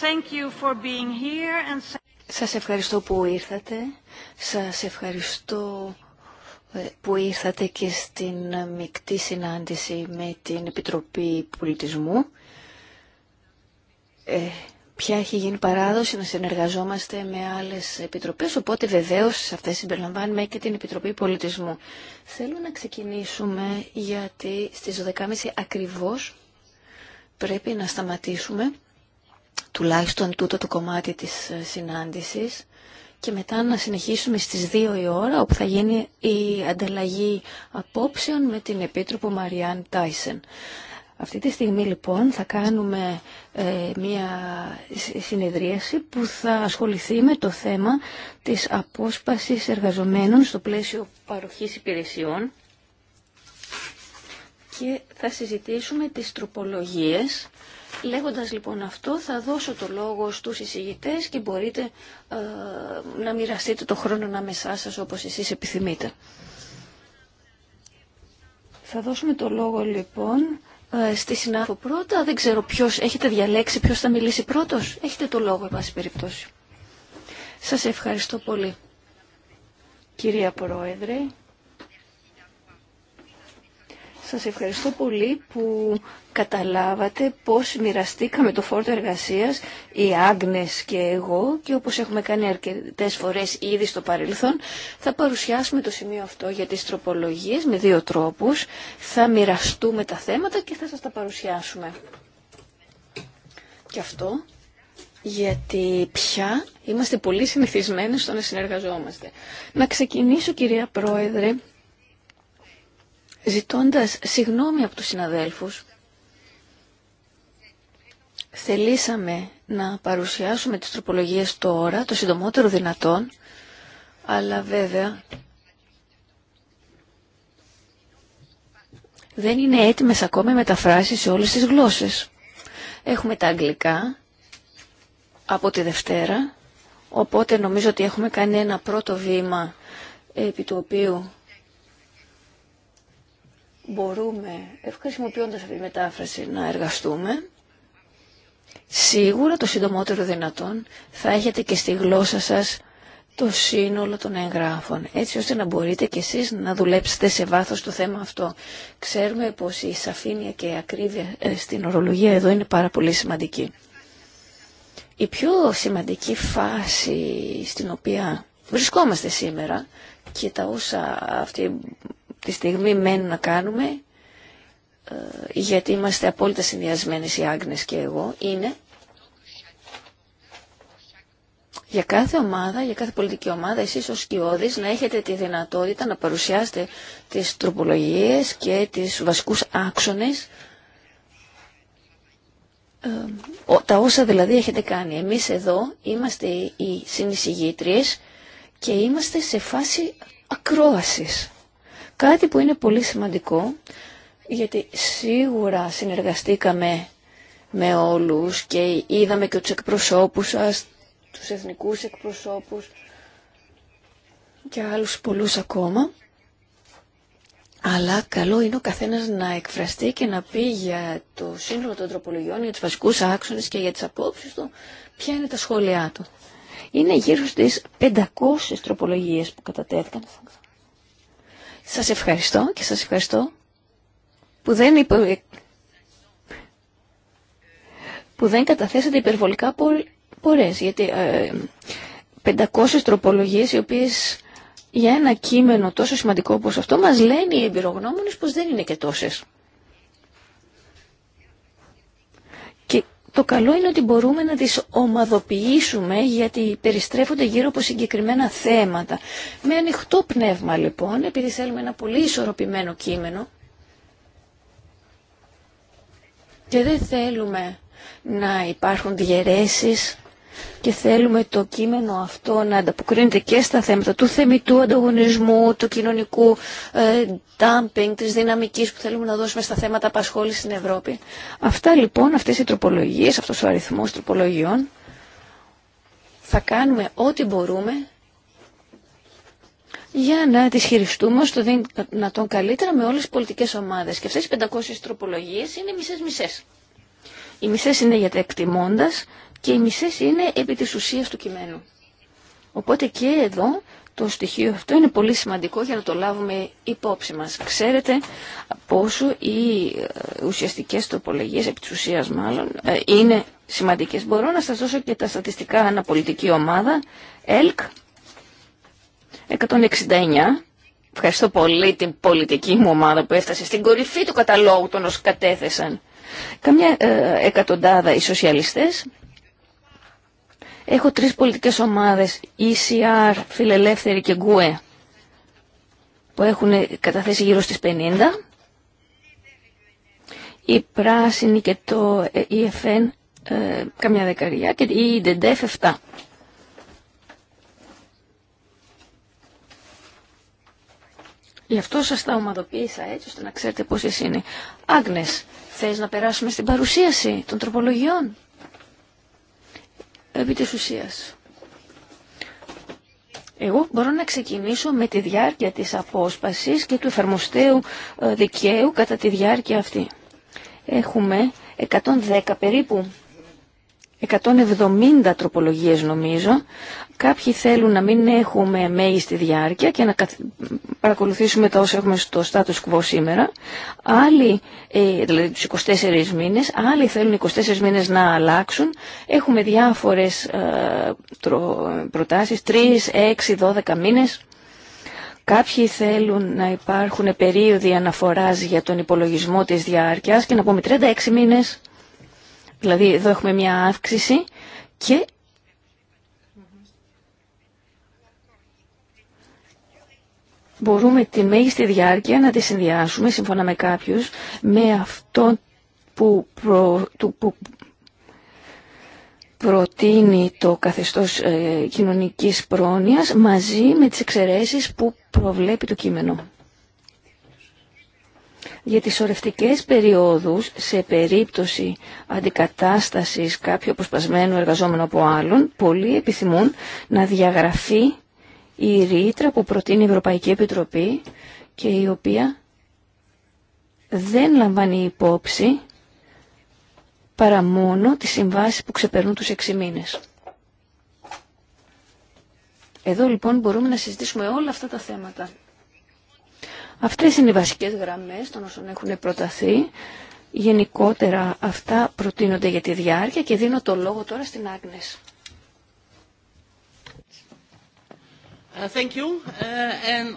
Thank Σας ευχαριστώ που ήρθατε. Σας ευχαριστώ ε, που ήρθατε και στην ε, μεικτή συνάντηση με την Επιτροπή Πολιτισμού. Ε, πια έχει γίνει παράδοση να συνεργαζόμαστε με άλλες επιτροπές, οπότε βεβαίως σε αυτές συμπεριλαμβάνουμε και την Επιτροπή Πολιτισμού. Θέλω να ξεκινήσουμε γιατί στις 12.30 ακριβώς πρέπει να σταματήσουμε τουλάχιστον τούτο το κομμάτι της ε, συνάντησης και μετά να συνεχίσουμε στις 2 η ώρα όπου θα γίνει η ανταλλαγή απόψεων με την Επίτροπο Μαριάν Τάισεν. Αυτή τη στιγμή λοιπόν θα κάνουμε ε, μια συνεδρίαση που θα ασχοληθεί με το θέμα της απόσπασης εργαζομένων στο πλαίσιο παροχής υπηρεσιών και θα συζητήσουμε τις τροπολογίες Λέγοντας λοιπόν αυτό θα δώσω το λόγο στους εισηγητές και μπορείτε ε, να μοιραστείτε το χρόνο ανάμεσά σας όπως εσείς επιθυμείτε. Θα δώσουμε το λόγο λοιπόν ε, στη συνάδελφο πρώτα. Δεν ξέρω ποιος έχετε διαλέξει, ποιος θα μιλήσει πρώτος. Έχετε το λόγο, εν περιπτώσει. Σας ευχαριστώ πολύ. Κυρία Πρόεδρε, σας ευχαριστώ πολύ που καταλάβατε πώς μοιραστήκαμε το φόρτο εργασίας οι Άγνες και εγώ και όπως έχουμε κάνει αρκετές φορές ήδη στο παρελθόν θα παρουσιάσουμε το σημείο αυτό για τις τροπολογίες με δύο τρόπους. Θα μοιραστούμε τα θέματα και θα σας τα παρουσιάσουμε. Και αυτό γιατί πια είμαστε πολύ συνηθισμένοι στο να συνεργαζόμαστε. Να ξεκινήσω κυρία Πρόεδρε ζητώντας συγνώμη από τους συναδέλφους, θελήσαμε να παρουσιάσουμε τις τροπολογίες τώρα, το συντομότερο δυνατόν, αλλά βέβαια δεν είναι έτοιμες ακόμα μεταφράσεις σε όλες τις γλώσσες. Έχουμε τα αγγλικά από τη Δευτέρα, οπότε νομίζω ότι έχουμε κάνει ένα πρώτο βήμα επί του οποίου μπορούμε, χρησιμοποιώντα αυτή τη μετάφραση, να εργαστούμε, σίγουρα το συντομότερο δυνατόν θα έχετε και στη γλώσσα σας το σύνολο των εγγράφων, έτσι ώστε να μπορείτε κι εσείς να δουλέψετε σε βάθος το θέμα αυτό. Ξέρουμε πως η σαφήνεια και η ακρίβεια ε, στην ορολογία εδώ είναι πάρα πολύ σημαντική. Η πιο σημαντική φάση στην οποία βρισκόμαστε σήμερα και τα όσα αυτή τη στιγμή μένουν να κάνουμε, ε, γιατί είμαστε απόλυτα συνδυασμένες οι Άγνες και εγώ, είναι για κάθε ομάδα, για κάθε πολιτική ομάδα, εσείς ως σκιώδης να έχετε τη δυνατότητα να παρουσιάσετε τις τροπολογίες και τις βασικούς άξονες, ε, τα όσα δηλαδή έχετε κάνει. Εμείς εδώ είμαστε οι συνεισηγήτριες και είμαστε σε φάση ακρόασης. Κάτι που είναι πολύ σημαντικό, γιατί σίγουρα συνεργαστήκαμε με όλους και είδαμε και τους εκπροσώπους σας, τους εθνικούς εκπροσώπους και άλλους πολλούς ακόμα. Αλλά καλό είναι ο καθένας να εκφραστεί και να πει για το σύνολο των τροπολογιών, για τους βασικούς άξονες και για τις απόψεις του, ποια είναι τα σχόλιά του. Είναι γύρω στις 500 τροπολογίες που κατατέθηκαν. Σας ευχαριστώ και σας ευχαριστώ που δεν, που δεν καταθέσατε υπερβολικά πορές. Γιατί 500 ε, τροπολογίες οι οποίες για ένα κείμενο τόσο σημαντικό όπως αυτό μας λένε οι εμπειρογνώμονες πως δεν είναι και τόσες. Το καλό είναι ότι μπορούμε να τις ομαδοποιήσουμε γιατί περιστρέφονται γύρω από συγκεκριμένα θέματα. Με ανοιχτό πνεύμα λοιπόν, επειδή θέλουμε ένα πολύ ισορροπημένο κείμενο και δεν θέλουμε να υπάρχουν διαιρέσεις και θέλουμε το κείμενο αυτό να ανταποκρίνεται και στα θέματα του θεμητού ανταγωνισμού, του κοινωνικού ε, dumping, της δυναμικής που θέλουμε να δώσουμε στα θέματα απασχόλησης στην Ευρώπη. Αυτά λοιπόν, αυτές οι τροπολογίες, αυτός ο αριθμός τροπολογιών, θα κάνουμε ό,τι μπορούμε για να τις χειριστούμε ώστε να τον καλύτερα με όλες τις πολιτικές ομάδες. Και αυτές οι 500 τροπολογίες είναι μισές-μισές. Οι μισές είναι για τα εκτιμώντας και οι μισές είναι επί της ουσίας του κειμένου. Οπότε και εδώ το στοιχείο αυτό είναι πολύ σημαντικό για να το λάβουμε υπόψη μας. Ξέρετε πόσο οι ε, ουσιαστικές τροπολογίες, επί της ουσίας μάλλον, ε, είναι σημαντικές. Μπορώ να σας δώσω και τα στατιστικά αναπολιτική ομάδα, ΕΛΚ, 169, Ευχαριστώ πολύ την πολιτική μου ομάδα που έφτασε στην κορυφή του καταλόγου των όσων κατέθεσαν. Καμιά ε, εκατοντάδα οι σοσιαλιστές, Έχω τρεις πολιτικές ομάδες, ECR, Φιλελεύθερη και Γκουέ, που έχουν καταθέσει γύρω στις 50. Η Πράσινη και το EFN, ε, καμιά δεκαριά, και η DDF 7. Γι' αυτό σας τα ομαδοποίησα έτσι ώστε να ξέρετε πόσες είναι. Άγνες, θες να περάσουμε στην παρουσίαση των τροπολογιών επί της ουσίας. Εγώ μπορώ να ξεκινήσω με τη διάρκεια της απόσπασης και του εφαρμοστέου ε, δικαίου κατά τη διάρκεια αυτή. Έχουμε 110 περίπου 170 τροπολογίες νομίζω. Κάποιοι θέλουν να μην έχουμε μέγιστη διάρκεια και να παρακολουθήσουμε τα όσα έχουμε στο status quo σήμερα. Άλλοι, ε, δηλαδή τους 24 μήνες, άλλοι θέλουν 24 μήνες να αλλάξουν. Έχουμε διάφορες ε, προτάσεις, 3, 6, 12 μήνες. Κάποιοι θέλουν να υπάρχουν περίοδοι αναφοράς για τον υπολογισμό της διάρκειας και να πούμε 36 μήνες Δηλαδή εδώ έχουμε μια αύξηση και μπορούμε τη μέγιστη διάρκεια να τη συνδυάσουμε, σύμφωνα με κάποιους, με αυτό που, προ, που προτείνει το καθεστώς ε, κοινωνικής πρόνοιας μαζί με τις εξαιρέσεις που προβλέπει το κείμενο για τις ορευτικές περιόδους σε περίπτωση αντικατάστασης κάποιου αποσπασμένου εργαζόμενου από άλλον, πολλοί επιθυμούν να διαγραφεί η ρήτρα που προτείνει η Ευρωπαϊκή Επιτροπή και η οποία δεν λαμβάνει υπόψη παρά μόνο τις συμβάσεις που ξεπερνούν τους 6 μήνες. Εδώ λοιπόν μπορούμε να συζητήσουμε όλα αυτά τα θέματα. Αυτές είναι οι βασικές γραμμές των όσων έχουν προταθεί. Γενικότερα αυτά προτείνονται για τη διάρκεια και δίνω το λόγο τώρα στην Άγνες. Ε, thank ε, ε,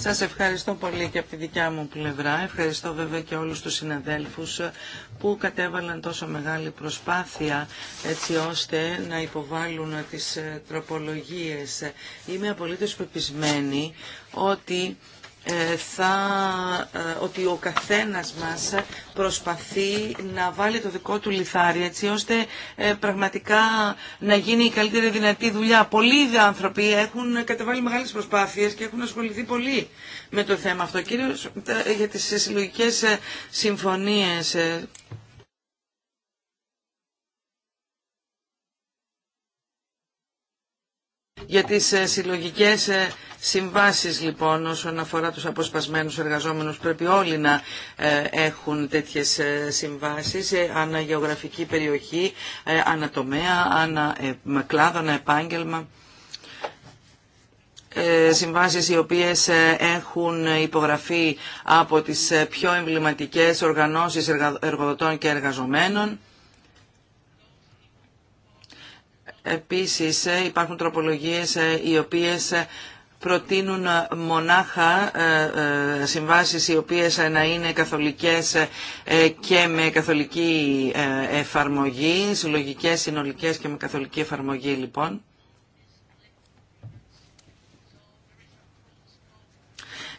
Σας ευχαριστώ πολύ και από τη δικιά μου πλευρά. Ευχαριστώ βέβαια και όλους τους συναδέλφους που κατέβαλαν τόσο μεγάλη προσπάθεια έτσι ώστε να υποβάλουν τις τροπολογίες. Είμαι απολύτως πεπισμένη ότι ε, θα, ε, ότι ο καθένας μας προσπαθεί να βάλει το δικό του λιθάρι έτσι ώστε ε, πραγματικά να γίνει η καλύτερη δυνατή δουλειά. Πολλοί άνθρωποι έχουν κατεβάλει μεγάλες προσπάθειες και έχουν ασχοληθεί πολύ με το θέμα αυτό, κυρίως για τις συλλογικές συμφωνίες Για τις ε, συλλογικές ε, συμβάσεις λοιπόν όσον αφορά τους αποσπασμένους εργαζόμενους πρέπει όλοι να ε, έχουν τέτοιες συμβάσεις ανά γεωγραφική περιοχή, ανατομέα, ανα κλάδο, ανα επάγγελμα συμβάσεις οι οποίες έχουν υπογραφεί από τις πιο εμβληματικές οργανώσεις εργοδοτών και εργαζομένων Επίσης ε, υπάρχουν τροπολογίες ε, οι οποίες ε, προτείνουν μονάχα συμβάσεις οι οποίες να είναι καθολικές και με καθολική εφαρμογή, συλλογικές, συνολικές και με καθολική εφαρμογή λοιπόν.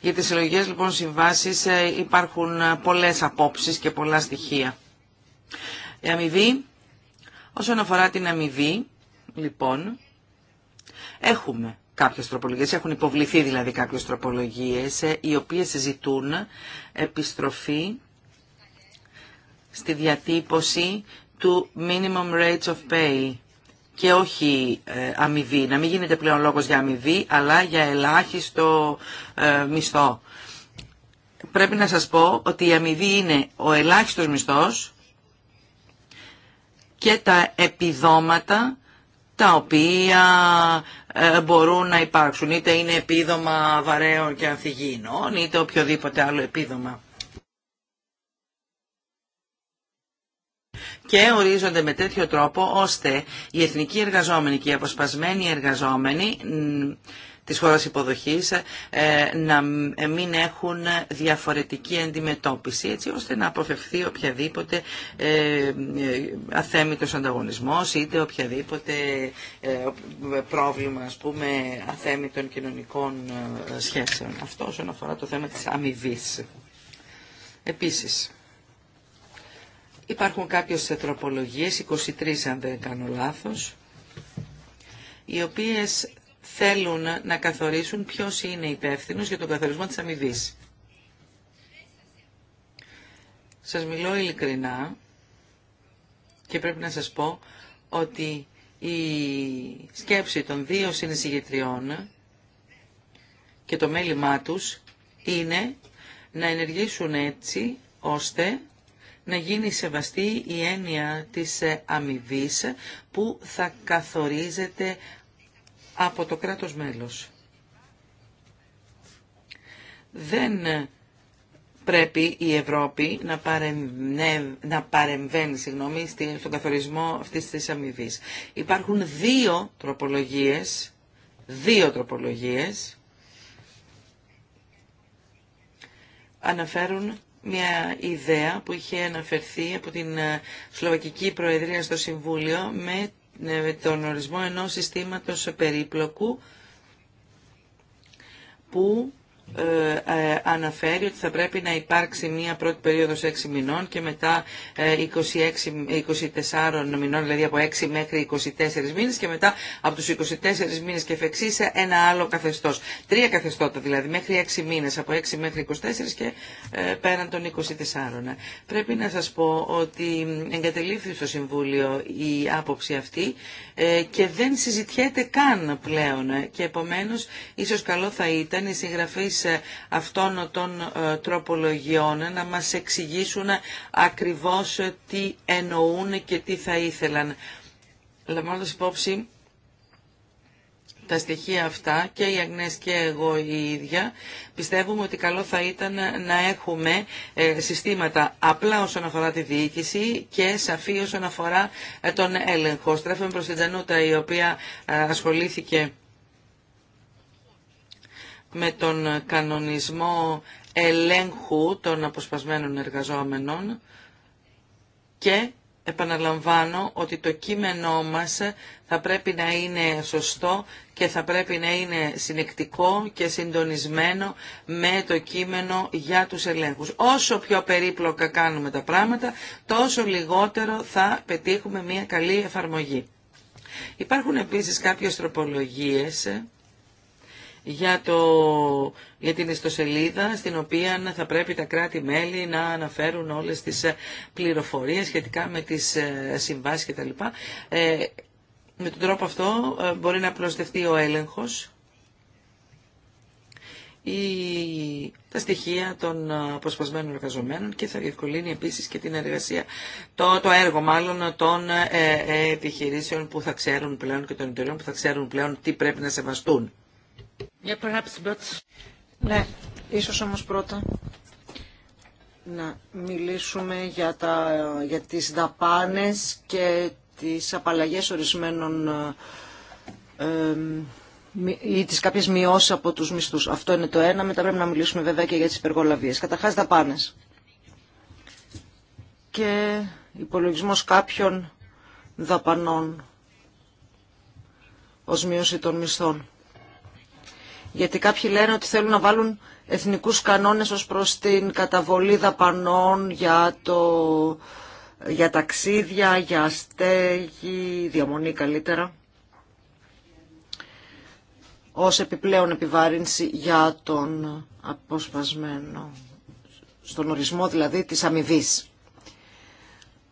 Για τις συλλογικές λοιπόν συμβάσεις υπάρχουν πολλές απόψεις και πολλά στοιχεία. Η αμοιβή, όσον αφορά την αμοιβή, λοιπόν, έχουμε κάποιες τροπολογίες, έχουν υποβληθεί δηλαδή κάποιες τροπολογίες, ε, οι οποίες ζητούν επιστροφή στη διατύπωση του minimum rates of pay και όχι ε, αμοιβή, να μην γίνεται πλέον λόγος για αμοιβή, αλλά για ελάχιστο ε, μισθό. Πρέπει να σας πω ότι η αμοιβή είναι ο ελάχιστος μισθός και τα επιδόματα τα οποία ε, μπορούν να υπάρξουν. Είτε είναι επίδομα βαρέων και ανθυγιεινών, είτε οποιοδήποτε άλλο επίδομα. και ορίζονται με τέτοιο τρόπο ώστε οι εθνικοί εργαζόμενοι και οι αποσπασμένοι εργαζόμενοι της χώρας υποδοχής ε, να ε, μην έχουν διαφορετική αντιμετώπιση έτσι ώστε να αποφευθεί οποιαδήποτε ε, αθέμητος ανταγωνισμός είτε οποιαδήποτε πρόβλημα ας πούμε αθέμητων κοινωνικών σχέσεων. Αυτό όσον αφορά το θέμα της αμοιβή. Επίσης, υπάρχουν κάποιες τροπολογίες, 23 αν δεν κάνω λάθος, οι οποίες θέλουν να καθορίσουν ποιο είναι υπεύθυνο για τον καθορισμό τη αμοιβή. Σας μιλώ ειλικρινά και πρέπει να σας πω ότι η σκέψη των δύο συνεισηγητριών και το μέλημά τους είναι να ενεργήσουν έτσι ώστε να γίνει σεβαστή η έννοια της αμοιβή που θα καθορίζεται από το κράτος μέλος. Δεν πρέπει η Ευρώπη να, παρεμβαίνει, να συγγνώμη, στον καθορισμό αυτής της αμοιβή. Υπάρχουν δύο τροπολογίες, δύο τροπολογίες, αναφέρουν μια ιδέα που είχε αναφερθεί από την ε, Σλοβακική Προεδρία στο Συμβούλιο με ναι, τον ορισμό ενός συστήματος περίπλοκου που ε, ε, αναφέρει ότι θα πρέπει να υπάρξει μία πρώτη περίοδος 6 μηνών και μετά 26, ε, 24 μηνών, δηλαδή από 6 μέχρι 24 μήνες και μετά από τους 24 μήνες και εφεξής ένα άλλο καθεστώς. Τρία καθεστώτα δηλαδή, μέχρι 6 μήνες, από 6 μέχρι 24 και πέραν των 24. Πρέπει να σας πω ότι εγκατελείφθη στο Συμβούλιο η άποψη αυτή και δεν συζητιέται καν πλέον και επομένως ίσως καλό θα ήταν οι συγγραφή ε, αυτών των ε, τροπολογιών να μας εξηγήσουν ακριβώς ε, τι εννοούν και τι θα ήθελαν. Λαμβάνοντας υπόψη τα στοιχεία αυτά και οι Αγνές και εγώ η ίδια πιστεύουμε ότι καλό θα ήταν να έχουμε συστήματα απλά όσον αφορά τη διοίκηση και σαφή όσον αφορά τον έλεγχο. Στρέφουμε προς την Τζανούτα η οποία ασχολήθηκε με τον κανονισμό ελέγχου των αποσπασμένων εργαζόμενων και επαναλαμβάνω ότι το κείμενό μας θα πρέπει να είναι σωστό και θα πρέπει να είναι συνεκτικό και συντονισμένο με το κείμενο για τους ελέγχους. Όσο πιο περίπλοκα κάνουμε τα πράγματα, τόσο λιγότερο θα πετύχουμε μια καλή εφαρμογή. Υπάρχουν επίσης κάποιες τροπολογίες για, το, για την ιστοσελίδα στην οποία θα πρέπει τα κράτη-μέλη να αναφέρουν όλες τις ε, πληροφορίες σχετικά με τις ε, συμβάσεις κτλ. Ε, με τον τρόπο αυτό ε, μπορεί να προσθεθεί ο έλεγχος ή τα στοιχεία των αποσπασμένων εργαζομένων και θα διευκολύνει επίσης και την εργασία, το, το έργο μάλλον των επιχειρήσεων που θα ξέρουν πλέον και των εταιριών που θα ξέρουν πλέον τι πρέπει να σεβαστούν. Ναι, ίσως όμως πρώτα να μιλήσουμε για, τα, για τις δαπάνες και τις απαλλαγές ορισμένων ή τις κάποιες μειώσεις από τους μισθούς. Αυτό είναι το ένα. Μετά πρέπει να μιλήσουμε βέβαια και για τις υπεργολαβίες. Καταρχάς δαπάνες. Και υπολογισμός κάποιων δαπανών ως μείωση των μισθών γιατί κάποιοι λένε ότι θέλουν να βάλουν εθνικούς κανόνες ως προς την καταβολή δαπανών για, το, για ταξίδια, για στέγη, διαμονή καλύτερα, ως επιπλέον επιβάρυνση για τον αποσπασμένο, στον ορισμό δηλαδή της αμοιβή.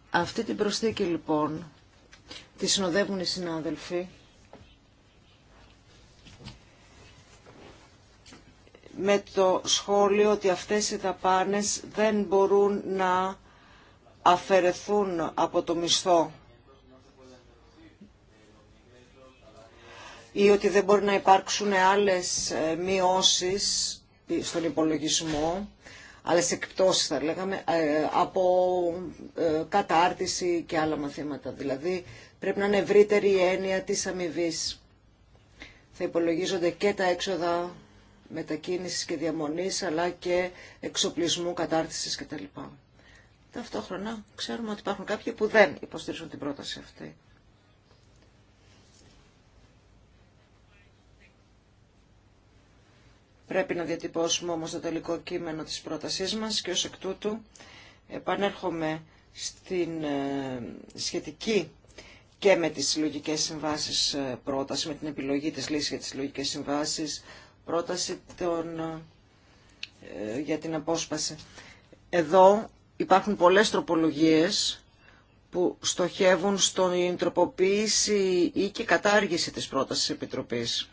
Αυτή την προσθήκη λοιπόν τη συνοδεύουν οι συνάδελφοι με το σχόλιο ότι αυτές οι δαπάνες δεν μπορούν να αφαιρεθούν από το μισθό ή ότι δεν μπορεί να υπάρξουν άλλες ε, μειώσεις στον υπολογισμό, άλλες εκπτώσεις θα λέγαμε, ε, από ε, κατάρτιση και άλλα μαθήματα. Δηλαδή πρέπει να είναι ευρύτερη η έννοια της αμοιβή. Θα υπολογίζονται και τα έξοδα μετακίνησης και διαμονής αλλά και εξοπλισμού, κατάρτισης κτλ. Ταυτόχρονα ξέρουμε ότι υπάρχουν κάποιοι που δεν υποστηρίζουν την πρόταση αυτή. Πρέπει να διατυπώσουμε όμως το τελικό κείμενο της πρότασής μας και ως εκ τούτου επανέρχομαι στην ε, σχετική και με τις συλλογικέ συμβάσεις ε, πρόταση, με την επιλογή της λύσης για τις συλλογικέ συμβάσεις, πρόταση των, ε, για την απόσπαση. Εδώ υπάρχουν πολλές τροπολογίες που στοχεύουν στον τροποποίηση ή και κατάργηση της πρότασης Επιτροπής.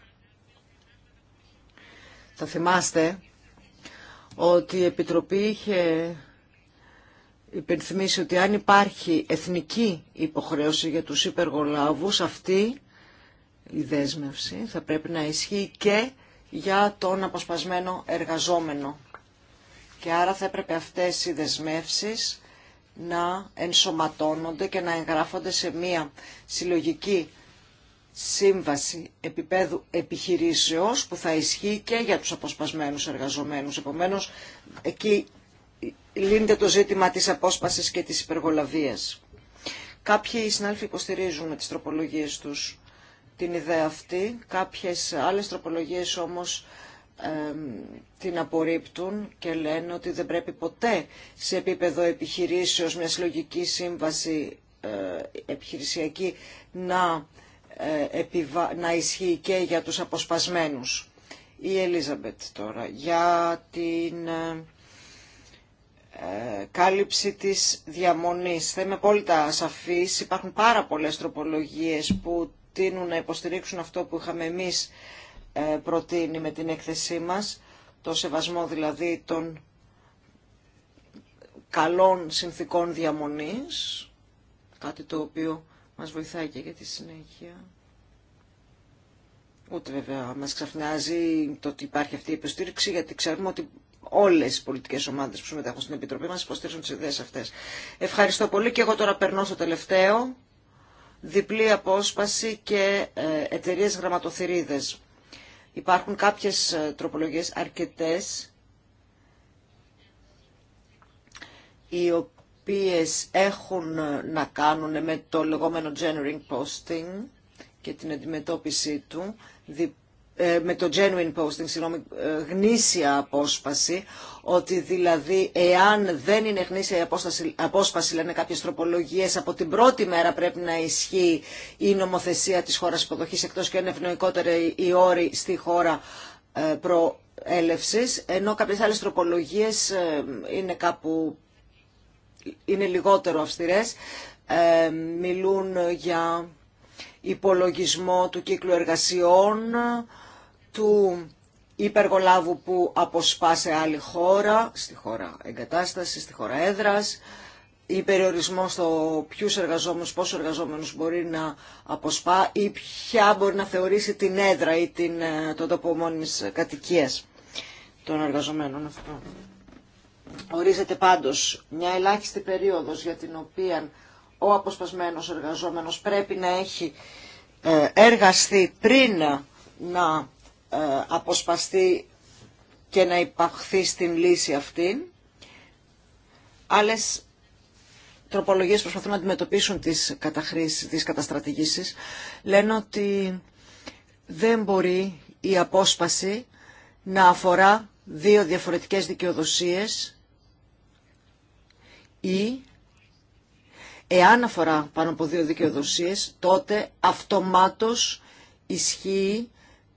Θα θυμάστε ότι η Επιτροπή είχε υπενθυμίσει ότι αν υπάρχει εθνική υποχρέωση για τους υπεργολάβους, αυτή η δέσμευση θα πρέπει να ισχύει και για τον αποσπασμένο εργαζόμενο. Και άρα θα έπρεπε αυτές οι δεσμεύσεις να ενσωματώνονται και να εγγράφονται σε μία συλλογική σύμβαση επίπεδου επιχειρήσεως που θα ισχύει και για τους αποσπασμένους εργαζομένους. Επομένως, εκεί λύνεται το ζήτημα της απόσπασης και της υπεργολαβίας. Κάποιοι συνάλφοι υποστηρίζουν με τις τροπολογίες τους την ιδέα αυτή. Κάποιες άλλες τροπολογίες όμως την απορρίπτουν και λένε ότι δεν πρέπει ποτέ σε επίπεδο επιχειρήσεως μια συλλογική σύμβαση ε, επιχειρησιακή να, ε, να ισχύει και για τους αποσπασμένους. Η Ελίζαμπετ τώρα για την ε, κάλυψη της διαμονής. Θα είμαι απόλυτα σαφής. Υπάρχουν πάρα πολλές τροπολογίες που προτείνουν να υποστηρίξουν αυτό που είχαμε εμείς ε, προτείνει με την έκθεσή μας, το σεβασμό δηλαδή των καλών συνθήκων διαμονής, κάτι το οποίο μας βοηθάει και για τη συνέχεια. Ούτε βέβαια μας ξαφνιάζει το ότι υπάρχει αυτή η υποστήριξη, γιατί ξέρουμε ότι όλε οι πολιτικέ ομάδε που συμμετέχουν στην Επιτροπή μα υποστήριζουν τι ιδέε αυτέ. Ευχαριστώ πολύ και εγώ τώρα περνώ στο τελευταίο διπλή απόσπαση και ε, εταιρείε γραμματοθυρίδες. Υπάρχουν κάποιες ε, τροπολογίες αρκετές οι οποίες έχουν ε, να κάνουν με το λεγόμενο generic posting και την αντιμετώπιση του, ε, με το genuine posting, συγγνώμη, ε, γνήσια απόσπαση, ότι δηλαδή εάν δεν είναι γνήσια η απόσταση, απόσπαση, λένε κάποιες τροπολογίες, από την πρώτη μέρα πρέπει να ισχύει η νομοθεσία της χώρας υποδοχής, εκτός και αν ευνοϊκότεροι η όρη στη χώρα ε, προέλευσης, ενώ κάποιες άλλες τροπολογίες είναι κάπου, είναι λιγότερο αυστηρές, μιλούν για υπολογισμό του κύκλου εργασιών, του υπεργολάβου που αποσπά σε άλλη χώρα, στη χώρα εγκατάσταση, στη χώρα έδρας, ή περιορισμό στο ποιου εργαζόμενου, πόσου εργαζόμενου μπορεί να αποσπά ή ποια μπορεί να θεωρήσει την έδρα ή την, ε, τον τόπο μόνιμη κατοικία των εργαζομένων αυτών. Ορίζεται πάντως μια ελάχιστη περίοδος για την οποία ο αποσπασμένος εργαζόμενος πρέπει να έχει ε, εργαστεί πριν να ε, αποσπαστεί και να υπαχθεί στην λύση αυτή. Άλλες τροπολογίες προσπαθούν να αντιμετωπίσουν τις καταχρήσεις, τις καταστρατηγήσεις. Λένε ότι δεν μπορεί η απόσπαση να αφορά δύο διαφορετικές δικαιοδοσίες ή εάν αφορά πάνω από δύο δικαιοδοσίες, τότε αυτομάτως ισχύει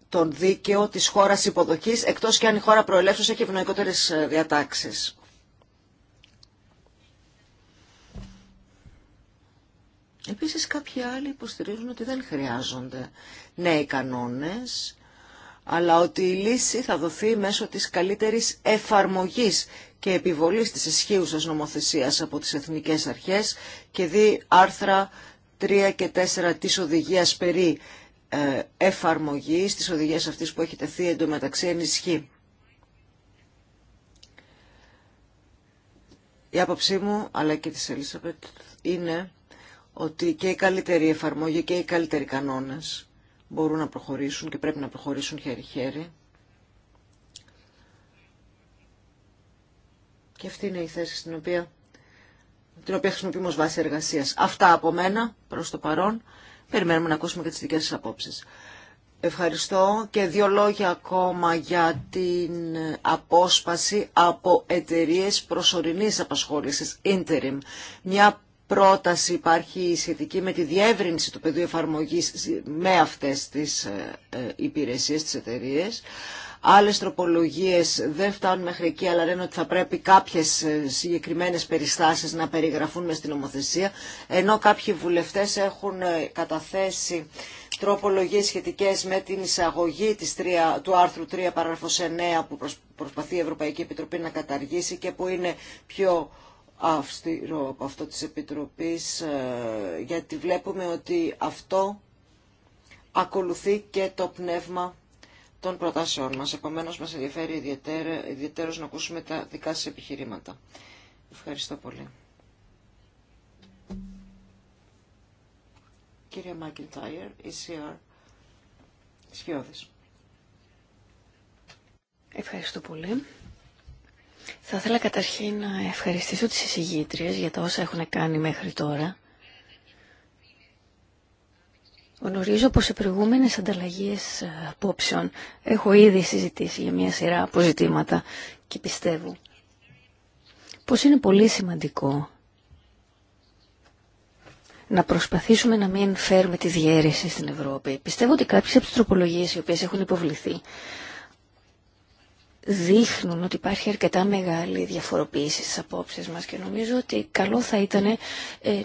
τον δίκαιο της χώρας υποδοχής, εκτός και αν η χώρα προελεύσεω έχει ευνοϊκότερε ε, διατάξεις. Επίσης κάποιοι άλλοι υποστηρίζουν ότι δεν χρειάζονται νέοι κανόνες, αλλά ότι η λύση θα δοθεί μέσω της καλύτερης εφαρμογής και επιβολής της ισχύουσας νομοθεσίας από τις εθνικές αρχές και δει άρθρα 3 και 4 της οδηγίας περί ε, εφαρμογή στις οδηγίες αυτής που έχει τεθεί εντωμεταξύ ενισχύ Η άποψή μου, αλλά και της Ελίσσαπετ, είναι ότι και η καλύτερη εφαρμογή και οι καλύτεροι κανόνες μπορούν να προχωρήσουν και πρέπει να προχωρήσουν χέρι-χέρι. Και αυτή είναι η θέση στην οποία, την οποία χρησιμοποιούμε ως βάση εργασίας. Αυτά από μένα προς το παρόν. Περιμένουμε να ακούσουμε και τις δικές σας απόψεις. Ευχαριστώ και δύο λόγια ακόμα για την απόσπαση από εταιρείε προσωρινής απασχόλησης, interim. Μια πρόταση υπάρχει σχετική με τη διεύρυνση του πεδίου εφαρμογής με αυτές τις ε, ε, υπηρεσίες, τις εταιρείε. Άλλες τροπολογίες δεν φτάνουν μέχρι εκεί, αλλά λένε ότι θα πρέπει κάποιες ε, συγκεκριμένες περιστάσεις να περιγραφούν με στην νομοθεσία, ενώ κάποιοι βουλευτές έχουν καταθέσει τροπολογίες σχετικές με την εισαγωγή της 3, του άρθρου 3 παράγραφος 9 που προσπαθεί η Ευρωπαϊκή Επιτροπή να καταργήσει και που είναι πιο αυστηρό από αυτό της Επιτροπής ε, γιατί βλέπουμε ότι αυτό ακολουθεί και το πνεύμα των προτάσεών μας. Επομένως μας ενδιαφέρει ιδιαίτερα, να ακούσουμε τα δικά σας επιχειρήματα. Ευχαριστώ πολύ. Κύριε Μάκιντάιερ, ECR, Σιώδης. Ευχαριστώ πολύ. Θα ήθελα καταρχήν να ευχαριστήσω τις εισηγήτριες για τα όσα έχουν κάνει μέχρι τώρα. Γνωρίζω πως σε προηγούμενες ανταλλαγές απόψεων έχω ήδη συζητήσει για μια σειρά από και πιστεύω πως είναι πολύ σημαντικό να προσπαθήσουμε να μην φέρουμε τη διαίρεση στην Ευρώπη. Πιστεύω ότι κάποιες από τις τροπολογίες οι οποίες έχουν υποβληθεί δείχνουν ότι υπάρχει αρκετά μεγάλη διαφοροποίηση στις απόψεις μας και νομίζω ότι καλό θα ήταν ε,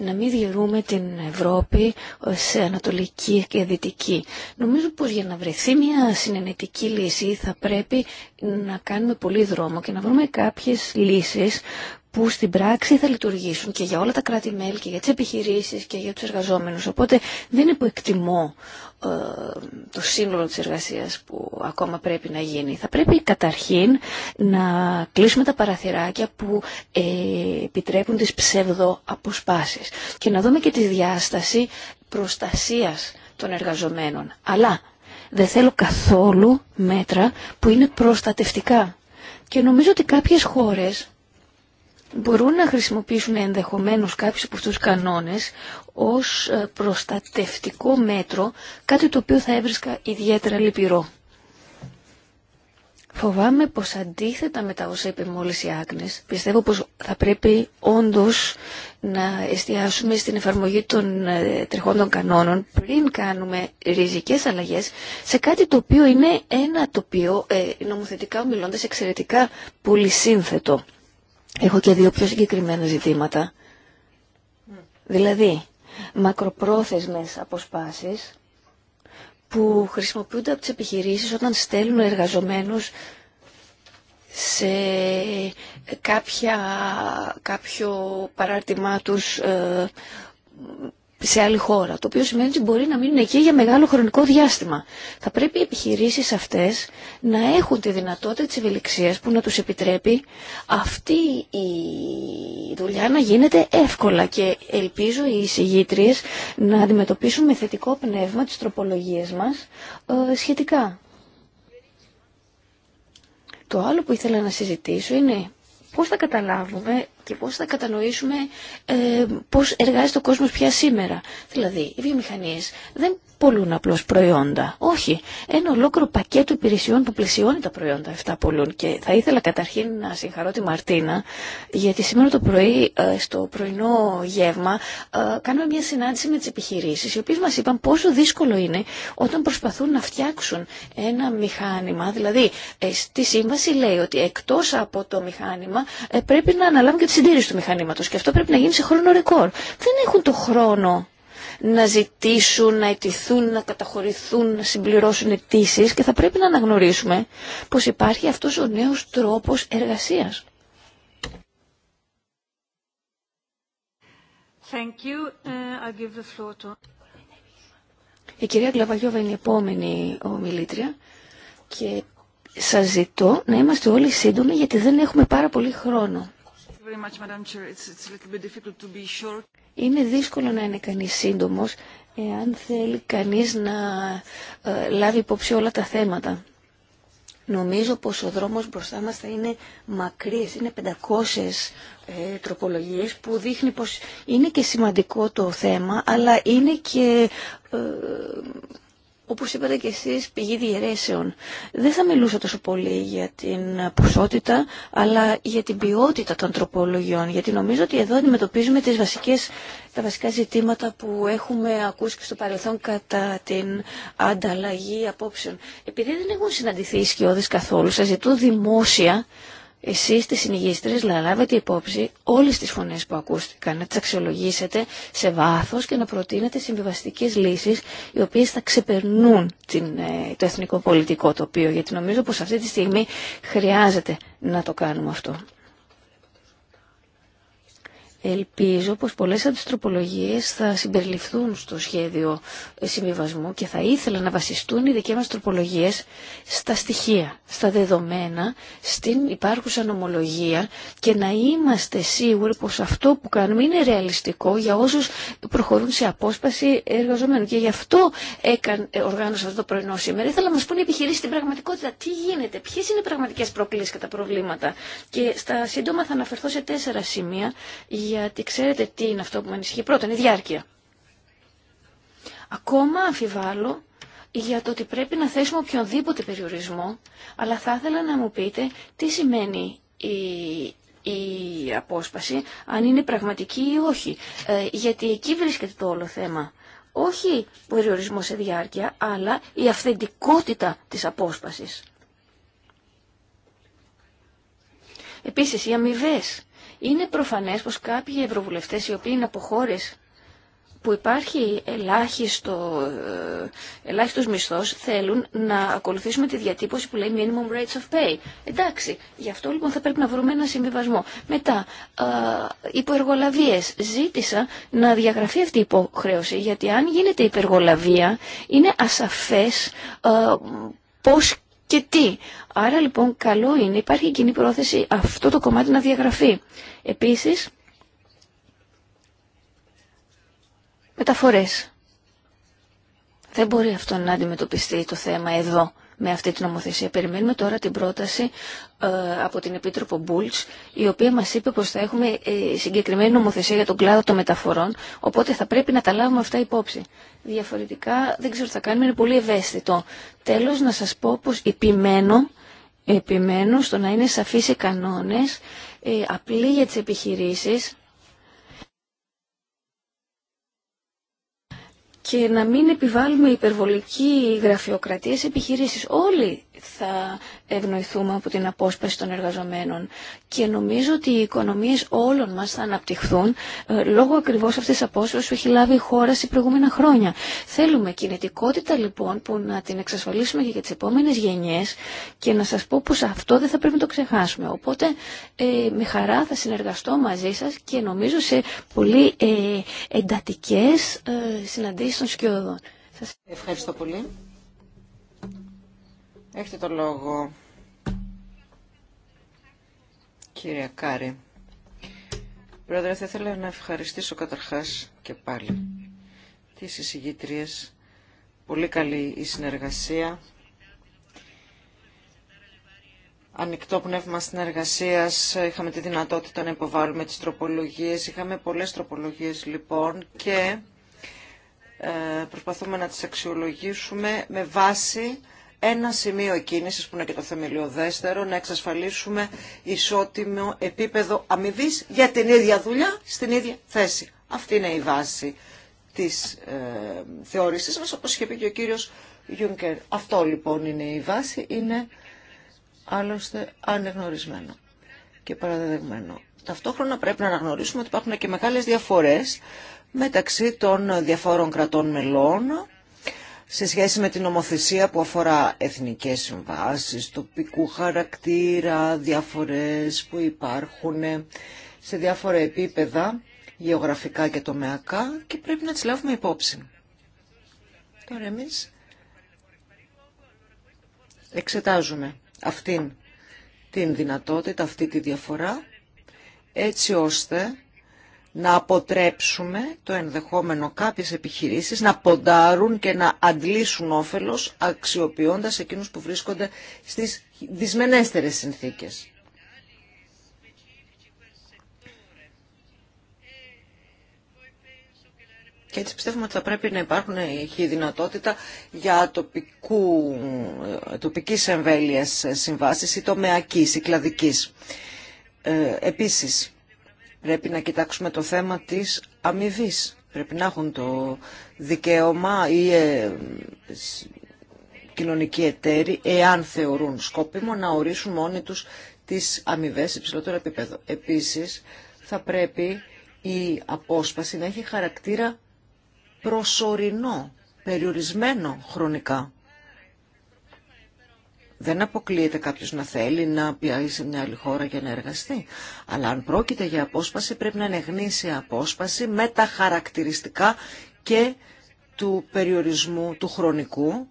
να μην διαιρούμε την Ευρώπη ε, σε ανατολική και δυτική. Νομίζω πως για να βρεθεί μια συνενετική λύση θα πρέπει να κάνουμε πολύ δρόμο και να βρούμε κάποιες λύσεις που στην πράξη θα λειτουργήσουν και για όλα τα κράτη-μέλη και για τις επιχειρήσεις και για τους εργαζόμενους. Οπότε δεν είναι που εκτιμώ ε, το σύνολο της εργασίας που ακόμα πρέπει να γίνει. Θα πρέπει καταρχήν να κλείσουμε τα παραθυράκια που ε, επιτρέπουν τις ψευδοαποσπάσεις και να δούμε και τη διάσταση προστασίας των εργαζομένων. Αλλά δεν θέλω καθόλου μέτρα που είναι προστατευτικά. Και νομίζω ότι κάποιες χώρες μπορούν να χρησιμοποιήσουν ενδεχομένως κάποιους από αυτούς τους κανόνες ως ε, προστατευτικό μέτρο, κάτι το οποίο θα έβρισκα ιδιαίτερα λυπηρό. Φοβάμαι πως αντίθετα με τα όσα είπε μόλις οι Άγνες, πιστεύω πως θα πρέπει όντως να εστιάσουμε στην εφαρμογή των ε, τριχών των κανόνων πριν κάνουμε ριζικές αλλαγές σε κάτι το οποίο είναι ένα τοπίο ε, νομοθετικά μιλώντας, εξαιρετικά σύνθετο. Έχω και δύο πιο συγκεκριμένα ζητήματα. Δηλαδή, μακροπρόθεσμες αποσπάσεις που χρησιμοποιούνται από τις επιχειρήσεις όταν στέλνουν εργαζομένους σε κάποια, κάποιο παράρτημά τους ε, σε άλλη χώρα, το οποίο σημαίνει ότι μπορεί να μείνουν εκεί για μεγάλο χρονικό διάστημα. Θα πρέπει οι επιχειρήσεις αυτές να έχουν τη δυνατότητα της ευελιξίας που να τους επιτρέπει αυτή η δουλειά να γίνεται εύκολα και ελπίζω οι εισηγήτριες να αντιμετωπίσουν με θετικό πνεύμα τις τροπολογίες μας ε, σχετικά. Το άλλο που ήθελα να συζητήσω είναι πώς θα καταλάβουμε και πώς θα κατανοήσουμε ε, πώς εργάζεται ο κόσμος πια σήμερα. Δηλαδή, οι βιομηχανίες δεν πολλούν απλώς προϊόντα. Όχι. Ένα ολόκληρο πακέτο υπηρεσιών που πλησιώνει τα προϊόντα αυτά πολλούν. Και θα ήθελα καταρχήν να συγχαρώ τη Μαρτίνα, γιατί σήμερα το πρωί ε, στο πρωινό γεύμα ε, κάνουμε μια συνάντηση με τις επιχειρήσεις, οι οποίες μας είπαν πόσο δύσκολο είναι όταν προσπαθούν να φτιάξουν ένα μηχάνημα. Δηλαδή, ε, στη σύμβαση λέει ότι εκτός από το μηχάνημα πρέπει να αναλάβουν και τις συντήρηση του μηχανήματος και αυτό πρέπει να γίνει σε χρόνο ρεκόρ. Δεν έχουν το χρόνο να ζητήσουν, να αιτηθούν, να καταχωρηθούν, να συμπληρώσουν αιτήσει και θα πρέπει να αναγνωρίσουμε πως υπάρχει αυτός ο νέος τρόπος εργασίας. Thank you. Uh, I'll give the floor to... Η κυρία Γκλαβαγιώβα είναι η επόμενη ομιλήτρια και σας ζητώ να είμαστε όλοι σύντομοι γιατί δεν έχουμε πάρα πολύ χρόνο. Είναι δύσκολο να είναι κανείς σύντομος εάν θέλει κανείς να ε, λάβει υπόψη όλα τα θέματα. Νομίζω πως ο δρόμος μπροστά μας θα είναι μακρύς, είναι 500 ε, τροπολογίες που δείχνει πως είναι και σημαντικό το θέμα αλλά είναι και ε, όπως είπατε και εσείς, πηγή διαιρέσεων. Δεν θα μιλούσα τόσο πολύ για την ποσότητα, αλλά για την ποιότητα των τροπολογιών, γιατί νομίζω ότι εδώ αντιμετωπίζουμε τις βασικές, τα βασικά ζητήματα που έχουμε ακούσει και στο παρελθόν κατά την ανταλλαγή απόψεων. Επειδή δεν έχουν συναντηθεί οι σκιώδες καθόλου, σας ζητώ δημόσια εσείς τις να λάβετε υπόψη όλε τι φωνές που ακούστηκαν, να τι αξιολογήσετε σε βάθος και να προτείνετε συμβιβαστικές λύσεις οι οποίες θα ξεπερνούν την, ε, το εθνικό πολιτικό τοπίο, γιατί νομίζω πως αυτή τη στιγμή χρειάζεται να το κάνουμε αυτό. Ελπίζω πως πολλές αντιστροπολογίες θα συμπεριληφθούν στο σχέδιο ε, συμβιβασμού και θα ήθελα να βασιστούν οι δικές μας τροπολογίες στα στοιχεία, στα δεδομένα, στην υπάρχουσα νομολογία και να είμαστε σίγουροι πως αυτό που κάνουμε είναι ρεαλιστικό για όσους προχωρούν σε απόσπαση εργαζομένων. Και γι' αυτό ε, οργάνωσα αυτό το πρωινό σήμερα. Ήθελα να μας πούνε οι επιχειρήσεις την πραγματικότητα τι γίνεται, ποιες είναι οι πραγματικές προκλήσεις και τα προβλήματα. Και στα σύντομα θα αναφερθώ σε τέσσερα σημεία γιατί ξέρετε τι είναι αυτό που με ανησυχεί. Πρώτον, η διάρκεια. Ακόμα αμφιβάλλω για το ότι πρέπει να θέσουμε οποιονδήποτε περιορισμό, αλλά θα ήθελα να μου πείτε τι σημαίνει η, απόσπαση, αν είναι πραγματική ή όχι. Ε, γιατί εκεί βρίσκεται το όλο θέμα. Όχι ο περιορισμό σε διάρκεια, αλλά η αυθεντικότητα της απόσπασης. Επίσης, οι αμοιβέ είναι προφανές πως κάποιοι ευρωβουλευτές οι οποίοι είναι από χώρε που υπάρχει ελάχιστο, ε, ελάχιστος μισθός θέλουν να ακολουθήσουμε τη διατύπωση που λέει minimum rates of pay. Εντάξει, γι' αυτό λοιπόν θα πρέπει να βρούμε ένα συμβιβασμό. Μετά, α, υποεργολαβίες. Ζήτησα να διαγραφεί αυτή η υποχρέωση, γιατί αν γίνεται υπεργολαβία είναι ασαφές α, πώς και τι. Άρα λοιπόν καλό είναι, υπάρχει κοινή πρόθεση αυτό το κομμάτι να διαγραφεί. Επίσης, μεταφορές. Δεν μπορεί αυτό να αντιμετωπιστεί το θέμα εδώ με αυτή την νομοθεσία. Περιμένουμε τώρα την πρόταση ε, από την Επίτροπο Μπούλτς, η οποία μας είπε πως θα έχουμε ε, συγκεκριμένη νομοθεσία για τον κλάδο των μεταφορών, οπότε θα πρέπει να τα λάβουμε αυτά υπόψη. Διαφορετικά δεν ξέρω τι θα κάνουμε, είναι πολύ ευαίσθητο. Τέλος να σας πω πως επιμένω, επιμένω στο να είναι σαφείς οι κανόνες, ε, απλοί για τις επιχειρήσεις, και να μην επιβάλλουμε υπερβολική γραφειοκρατία σε επιχειρήσεις. Όλοι θα ευνοηθούμε από την απόσπαση των εργαζομένων. Και νομίζω ότι οι οικονομίες όλων μας θα αναπτυχθούν ε, λόγω ακριβώς αυτής της απόσπασης που έχει λάβει η χώρα σε προηγούμενα χρόνια. Θέλουμε κινητικότητα λοιπόν που να την εξασφαλίσουμε και για τις επόμενες γενιές και να σας πω πως αυτό δεν θα πρέπει να το ξεχάσουμε. Οπότε ε, με χαρά θα συνεργαστώ μαζί σας και νομίζω σε πολύ ε, εντατικές ε, συναντήσεις των σκιωδών. Σας ευχαριστώ πολύ. Έχετε το λόγο. Κύριε Κάρη, πρόεδρε, θα ήθελα να ευχαριστήσω καταρχάς και πάλι τις εισηγήτριες. Πολύ καλή η συνεργασία. Ανοιχτό πνεύμα συνεργασίας, είχαμε τη δυνατότητα να υποβάλουμε τις τροπολογίες. Είχαμε πολλές τροπολογίες λοιπόν και ε, προσπαθούμε να τις αξιολογήσουμε με βάση ένα σημείο κίνησης που είναι και το θεμελιωδέστερο, να εξασφαλίσουμε ισότιμο επίπεδο αμοιβή για την ίδια δουλειά στην ίδια θέση. Αυτή είναι η βάση της ε, θεώρησής μας, όπως είχε πει και ο κύριος Γιούνκερ. Αυτό λοιπόν είναι η βάση, είναι άλλωστε ανεγνωρισμένο και παραδεδεγμένο. Ταυτόχρονα πρέπει να αναγνωρίσουμε ότι υπάρχουν και μεγάλες διαφορές μεταξύ των διαφόρων κρατών μελών σε σχέση με την νομοθεσία που αφορά εθνικές συμβάσεις, τοπικού χαρακτήρα, διαφορές που υπάρχουν σε διάφορα επίπεδα, γεωγραφικά και τομεακά και πρέπει να τις λάβουμε υπόψη. Τώρα εμείς εξετάζουμε αυτήν την δυνατότητα, αυτή τη διαφορά, έτσι ώστε να αποτρέψουμε το ενδεχόμενο κάποιες επιχειρήσεις να ποντάρουν και να αντλήσουν όφελος αξιοποιώντας εκείνους που βρίσκονται στις δυσμενέστερες συνθήκες. Και έτσι πιστεύουμε ότι θα πρέπει να υπάρχουν η δυνατότητα για τοπικού, τοπικής εμβέλειας συμβάσεις ή τομεακής ή κλαδικής. Ε, επίσης, Πρέπει να κοιτάξουμε το θέμα της αμοιβή. Πρέπει να έχουν το δικαίωμα ή ε, κοινωνικοί εταίροι, εάν θεωρούν σκόπιμο, να ορίσουν μόνοι τους τις αμοιβέ σε ψηλότερο επίπεδο. Επίσης, θα πρέπει η απόσπαση να έχει χαρακτήρα προσωρινό, περιορισμένο χρονικά. Δεν αποκλείεται κάποιο να θέλει να πιάσει σε μια άλλη χώρα για να εργαστεί. Αλλά αν πρόκειται για απόσπαση πρέπει να είναι γνήσια απόσπαση με τα χαρακτηριστικά και του περιορισμού του χρονικού.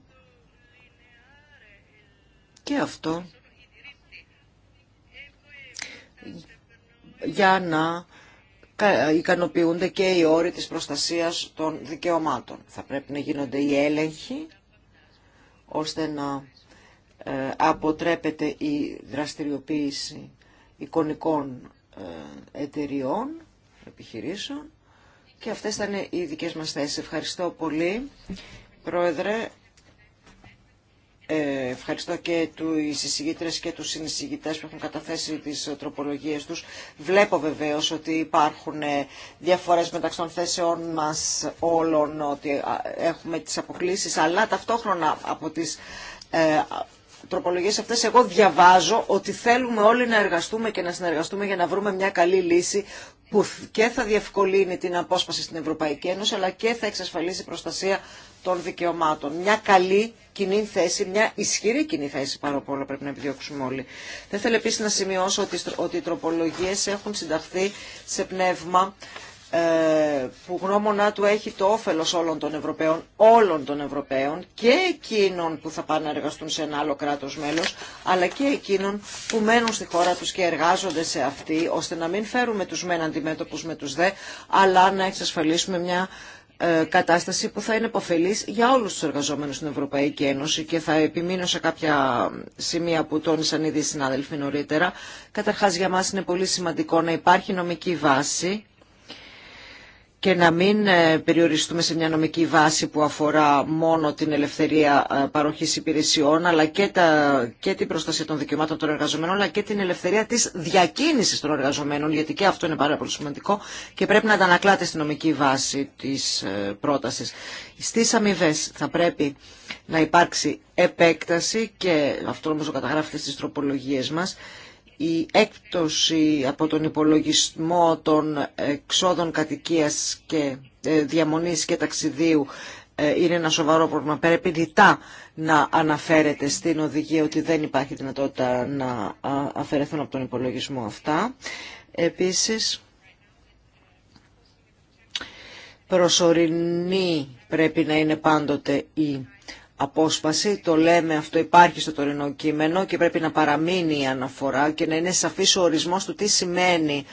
Και αυτό για να ικανοποιούνται και οι όροι της προστασίας των δικαιωμάτων. Θα πρέπει να γίνονται οι έλεγχοι ώστε να ε, αποτρέπεται η δραστηριοποίηση εικονικών ε, εταιριών, επιχειρήσεων και αυτές ήταν είναι οι δικές μας θέσεις. Ευχαριστώ πολύ, Πρόεδρε. Ε, ευχαριστώ και του εισηγήτρες και του συνεισηγητές που έχουν καταθέσει τις τροπολογίες τους. Βλέπω βεβαίως ότι υπάρχουν διαφορές μεταξύ των θέσεών μας όλων, ότι έχουμε τις αποκλήσεις, αλλά ταυτόχρονα από τις τροπολογίες αυτές εγώ διαβάζω ότι θέλουμε όλοι να εργαστούμε και να συνεργαστούμε για να βρούμε μια καλή λύση που και θα διευκολύνει την απόσπαση στην Ευρωπαϊκή Ένωση αλλά και θα εξασφαλίσει προστασία των δικαιωμάτων. Μια καλή κοινή θέση, μια ισχυρή κοινή θέση πάνω που όλα πρέπει να επιδιώξουμε όλοι. Θα ήθελα επίσης να σημειώσω ότι οι τροπολογίες έχουν συνταχθεί σε πνεύμα ε, που γνώμονά του έχει το όφελος όλων των Ευρωπαίων, όλων των Ευρωπαίων και εκείνων που θα πάνε να εργαστούν σε ένα άλλο κράτος μέλος, αλλά και εκείνων που μένουν στη χώρα τους και εργάζονται σε αυτή, ώστε να μην φέρουμε τους μεν αντιμέτωπους με τους δε, αλλά να εξασφαλίσουμε μια ε, κατάσταση που θα είναι υποφελής για όλους τους εργαζόμενους στην Ευρωπαϊκή Ένωση και θα επιμείνω σε κάποια σημεία που τόνισαν ήδη οι συνάδελφοι νωρίτερα. Καταρχάς για μας είναι πολύ σημαντικό να υπάρχει νομική βάση και να μην ε, περιοριστούμε σε μια νομική βάση που αφορά μόνο την ελευθερία ε, παροχής υπηρεσιών αλλά και, τα, και την προστασία των δικαιωμάτων των εργαζομένων αλλά και την ελευθερία της διακίνησης των εργαζομένων γιατί και αυτό είναι πάρα πολύ σημαντικό και πρέπει να αντανακλάται στη νομική βάση της ε, πρότασης. Στις αμοιβέ θα πρέπει να υπάρξει επέκταση και αυτό όμως το καταγράφεται στις τροπολογίες μας η έκπτωση από τον υπολογισμό των εξόδων κατοικίας και ε, διαμονής και ταξιδίου ε, είναι ένα σοβαρό πρόβλημα. Πρέπει διτά να αναφέρεται στην οδηγία ότι δεν υπάρχει δυνατότητα να αφαιρεθούν από τον υπολογισμό αυτά. Επίσης, προσωρινή πρέπει να είναι πάντοτε η απόσπαση, το λέμε αυτό υπάρχει στο τωρινό κείμενο και πρέπει να παραμείνει η αναφορά και να είναι σαφής ο ορισμός του τι σημαίνει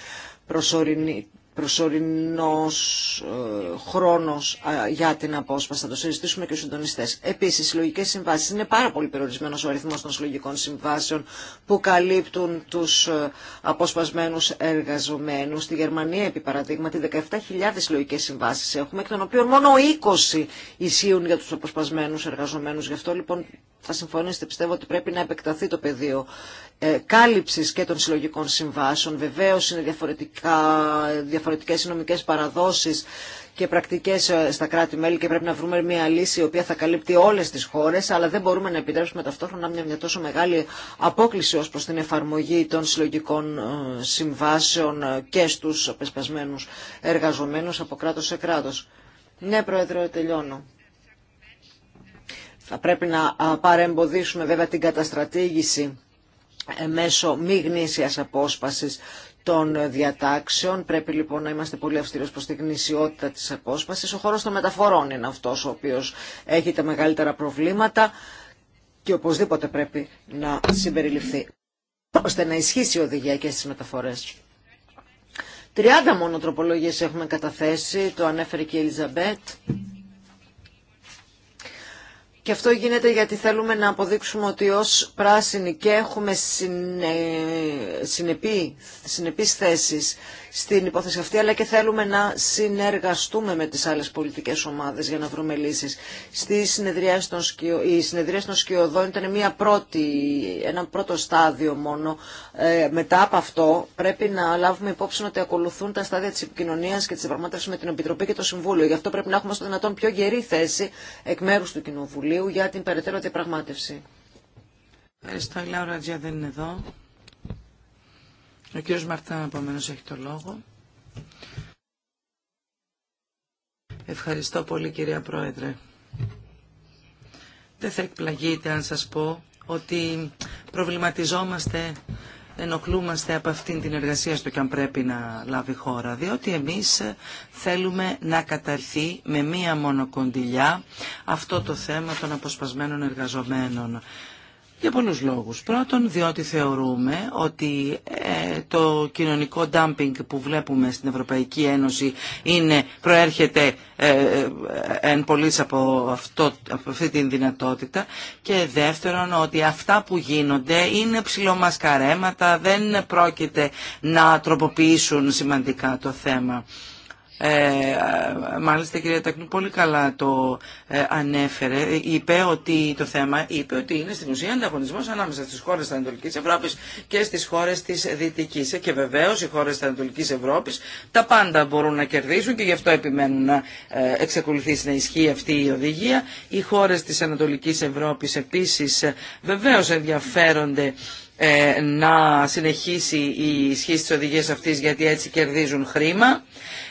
προσωρινή, προσωρινός ε, χρόνος για την απόσπαση. Θα το συζητήσουμε και στους συντονιστές. Επίσης, οι συλλογικέ συμβάσεις. Είναι πάρα πολύ περιορισμένος ο αριθμός των συλλογικών συμβάσεων που καλύπτουν τους ε, αποσπασμένους εργαζομένους. Στη Γερμανία, επί παραδείγματι, 17.000 συλλογικέ συμβάσεις έχουμε, εκ των οποίων μόνο 20 ισχύουν για τους αποσπασμένους εργαζομένους. Γι' αυτό, λοιπόν, θα συμφωνήσετε, πιστεύω ότι πρέπει να επεκταθεί το πεδίο ε, κάλυψης και των συλλογικών συμβάσεων. Βεβαίως είναι διαφορετικά, διαφορετικές νομικές παραδόσεις και πρακτικές ε, στα κράτη-μέλη και πρέπει να βρούμε μια λύση η οποία θα καλύπτει όλες τις χώρες, αλλά δεν μπορούμε να επιτρέψουμε ταυτόχρονα μια, μια τόσο μεγάλη απόκληση ως προς την εφαρμογή των συλλογικών ε, συμβάσεων και στους πεσπασμένους εργαζομένους από κράτος σε κράτος. Ναι, Πρόεδρε, τελειώνω. Θα πρέπει να παρεμποδίσουμε βέβαια την καταστρατήγηση ε, μέσω μη γνήσιας απόσπασης των διατάξεων. Πρέπει λοιπόν να είμαστε πολύ αυστηροί προς τη γνησιότητα της απόσπασης. Ο χώρος των μεταφορών είναι αυτός ο οποίος έχει τα μεγαλύτερα προβλήματα και οπωσδήποτε πρέπει να συμπεριληφθεί ώστε να ισχύσει η οδηγία και στις μεταφορές. 30 μόνο τροπολογίες έχουμε καταθέσει, το ανέφερε και η Ελιζαμπέτ. Και αυτό γίνεται γιατί θέλουμε να αποδείξουμε ότι ως πράσινοι και έχουμε συνε... συνεπεί, συνεπείς θέσεις στην υπόθεση αυτή, αλλά και θέλουμε να συνεργαστούμε με τις άλλες πολιτικές ομάδες για να βρούμε λύσεις. Στη συνεδρία των σκιο... Η συνεδρία των Σκιωδών ήταν μια πρώτη, ένα πρώτο στάδιο μόνο. Ε, μετά από αυτό πρέπει να λάβουμε υπόψη ότι ακολουθούν τα στάδια της επικοινωνίας και της διαπραγμάτευσης με την Επιτροπή και το Συμβούλιο. Γι' αυτό πρέπει να έχουμε στο δυνατόν πιο γερή θέση εκ μέρους του Κοινοβουλίου για την περαιτέρω διαπραγμάτευση. Ευχαριστώ. Η Λάουρα δεν είναι εδώ. Ο κύριος Μαρτάν, επομένως, έχει το λόγο. Ευχαριστώ πολύ, κυρία Πρόεδρε. Δεν θα εκπλαγείτε αν σας πω ότι προβληματιζόμαστε ενοχλούμαστε από αυτήν την εργασία στο και αν πρέπει να λάβει χώρα, διότι εμείς θέλουμε να καταρθεί με μία κοντιλιά αυτό το θέμα των αποσπασμένων εργαζομένων. Για πολλούς λόγους. Πρώτον, διότι θεωρούμε ότι ε, το κοινωνικό dumping που βλέπουμε στην Ευρωπαϊκή Ένωση είναι, προέρχεται ε, ε εν πολλής από, από αυτή την δυνατότητα και δεύτερον ότι αυτά που γίνονται είναι ψηλομασκαρέματα, δεν πρόκειται να τροποποιήσουν σημαντικά το θέμα. Ε, μάλιστα η κυρία Τακνού πολύ καλά το ε, ανέφερε. Είπε ότι το θέμα είπε ότι είναι στην ουσία ανταγωνισμό ανάμεσα στι χώρε τη Ανατολική Ευρώπη και στι χώρε τη Δυτική. Και βεβαίω οι χώρε τη Ανατολική Ευρώπη τα πάντα μπορούν να κερδίσουν και γι' αυτό επιμένουν να ε, εξακολουθήσει να ισχύει αυτή η οδηγία. Οι χώρε τη Ανατολική Ευρώπη επίση ε, βεβαίω ενδιαφέρονται να συνεχίσει η ισχύ της οδηγίας αυτής γιατί έτσι κερδίζουν χρήμα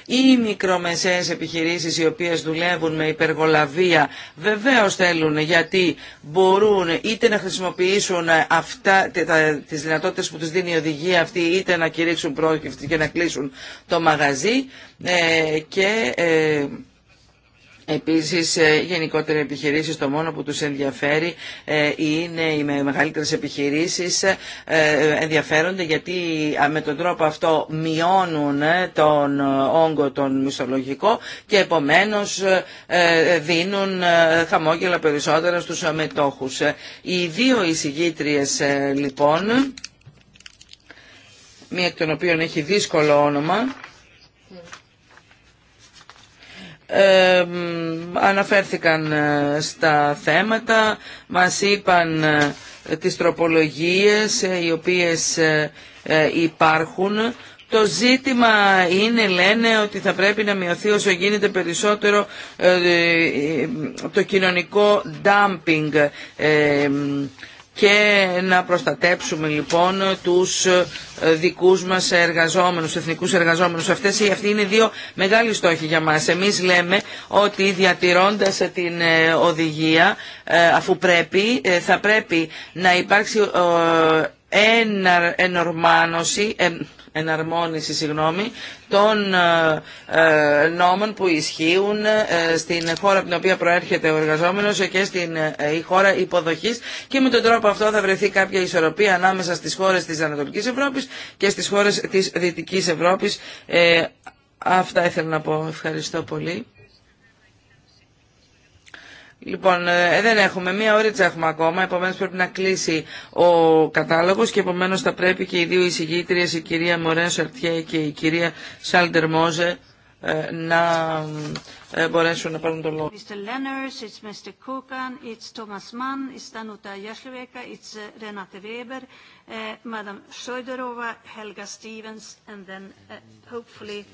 οι μικρομεσαίες επιχειρήσεις οι οποίες δουλεύουν με υπεργολαβία βεβαίως θέλουν γιατί μπορούν είτε να χρησιμοποιήσουν αυτά, τις δυνατότητες που τους δίνει η οδηγία αυτή είτε να κηρύξουν πρόκειται και να κλείσουν το μαγαζί ε, και ε, Επίσης, ε, γενικότερα επιχειρήσεις, το μόνο που τους ενδιαφέρει ε, είναι οι μεγαλύτερες επιχειρήσεις ε, ενδιαφέρονται γιατί με τον τρόπο αυτό μειώνουν τον όγκο τον μισθολογικό και επομένως δίνουν χαμόγελα περισσότερα στους αμετόχους Οι δύο εισηγήτριες λοιπόν, μία εκ των οποίων έχει δύσκολο όνομα, αναφέρθηκαν ε, στα θέματα, μας είπαν ε, τις τροπολογίες ε, οι οποίες υπάρχουν. Το ζήτημα είναι, λένε, ότι θα πρέπει να μειωθεί όσο γίνεται περισσότερο το κοινωνικό dumping και να προστατέψουμε λοιπόν τους ε, δικούς μας εργαζόμενους, εθνικούς εργαζόμενους. Αυτές, αυτοί είναι δύο μεγάλοι στόχοι για μας. Εμείς λέμε ότι διατηρώντας την ε, οδηγία, ε, αφού πρέπει, θα πρέπει να υπάρξει ενορμάνωση, εναρμόνιση συγγνώμη, των ε, ε, νόμων που ισχύουν ε, στην χώρα από την οποία προέρχεται ο εργαζόμενος και στην χώρα υποδοχής και με τον τρόπο αυτό θα βρεθεί κάποια ισορροπία ανάμεσα στις χώρες της Ανατολικής Ευρώπης και στις χώρες της Δυτικής Ευρώπης. Αυτά ήθελα να πω. Ευχαριστώ πολύ. Λοιπόν, ε, ε, δεν έχουμε. Μία ώριτσα έχουμε ακόμα. Επομένω πρέπει να κλείσει ο κατάλογο και επομένω θα πρέπει και οι δύο εισηγήτριε, η κυρία Μωρέν Σαρτιέ και η κυρία Σάλτερ Μόζε, ε, να ε, μπορέσουν να πάρουν το λόγο. Mr. Lenners, it's Mr. Kukan, it's Thomas Mann, it's Danuta Jasloweka, it's eh, Renate Weber, uh, eh, Madam Schroederova, Helga Stevens, and then uh, hopefully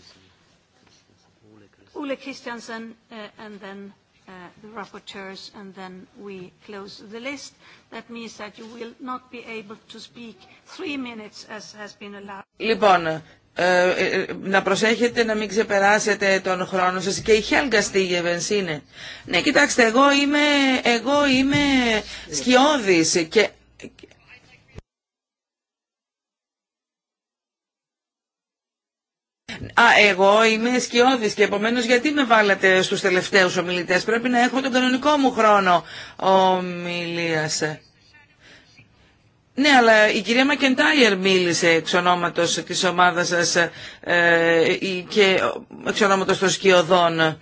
Ole Christiansen, uh, and then Uh, the rapporteurs, and then we close the list. That means that you will not be able to speak three minutes as has been allowed. Λοιπόν, ε, ε, να προσέχετε να μην ξεπεράσετε τον χρόνο σας και η Χέλγκα Στίγεβενς είναι. Ναι, κοιτάξτε, εγώ είμαι, εγώ είμαι σκιώδης και Α, εγώ είμαι σκιώδης και επομένω, γιατί με βάλατε στους τελευταίους ομιλητές. Πρέπει να έχω τον κανονικό μου χρόνο ομιλίας. Ναι, αλλά η κυρία Μακεντάιερ μίλησε εξ ονόματο της ομάδας σα ε, και εξ ονόματο των σκιωδών.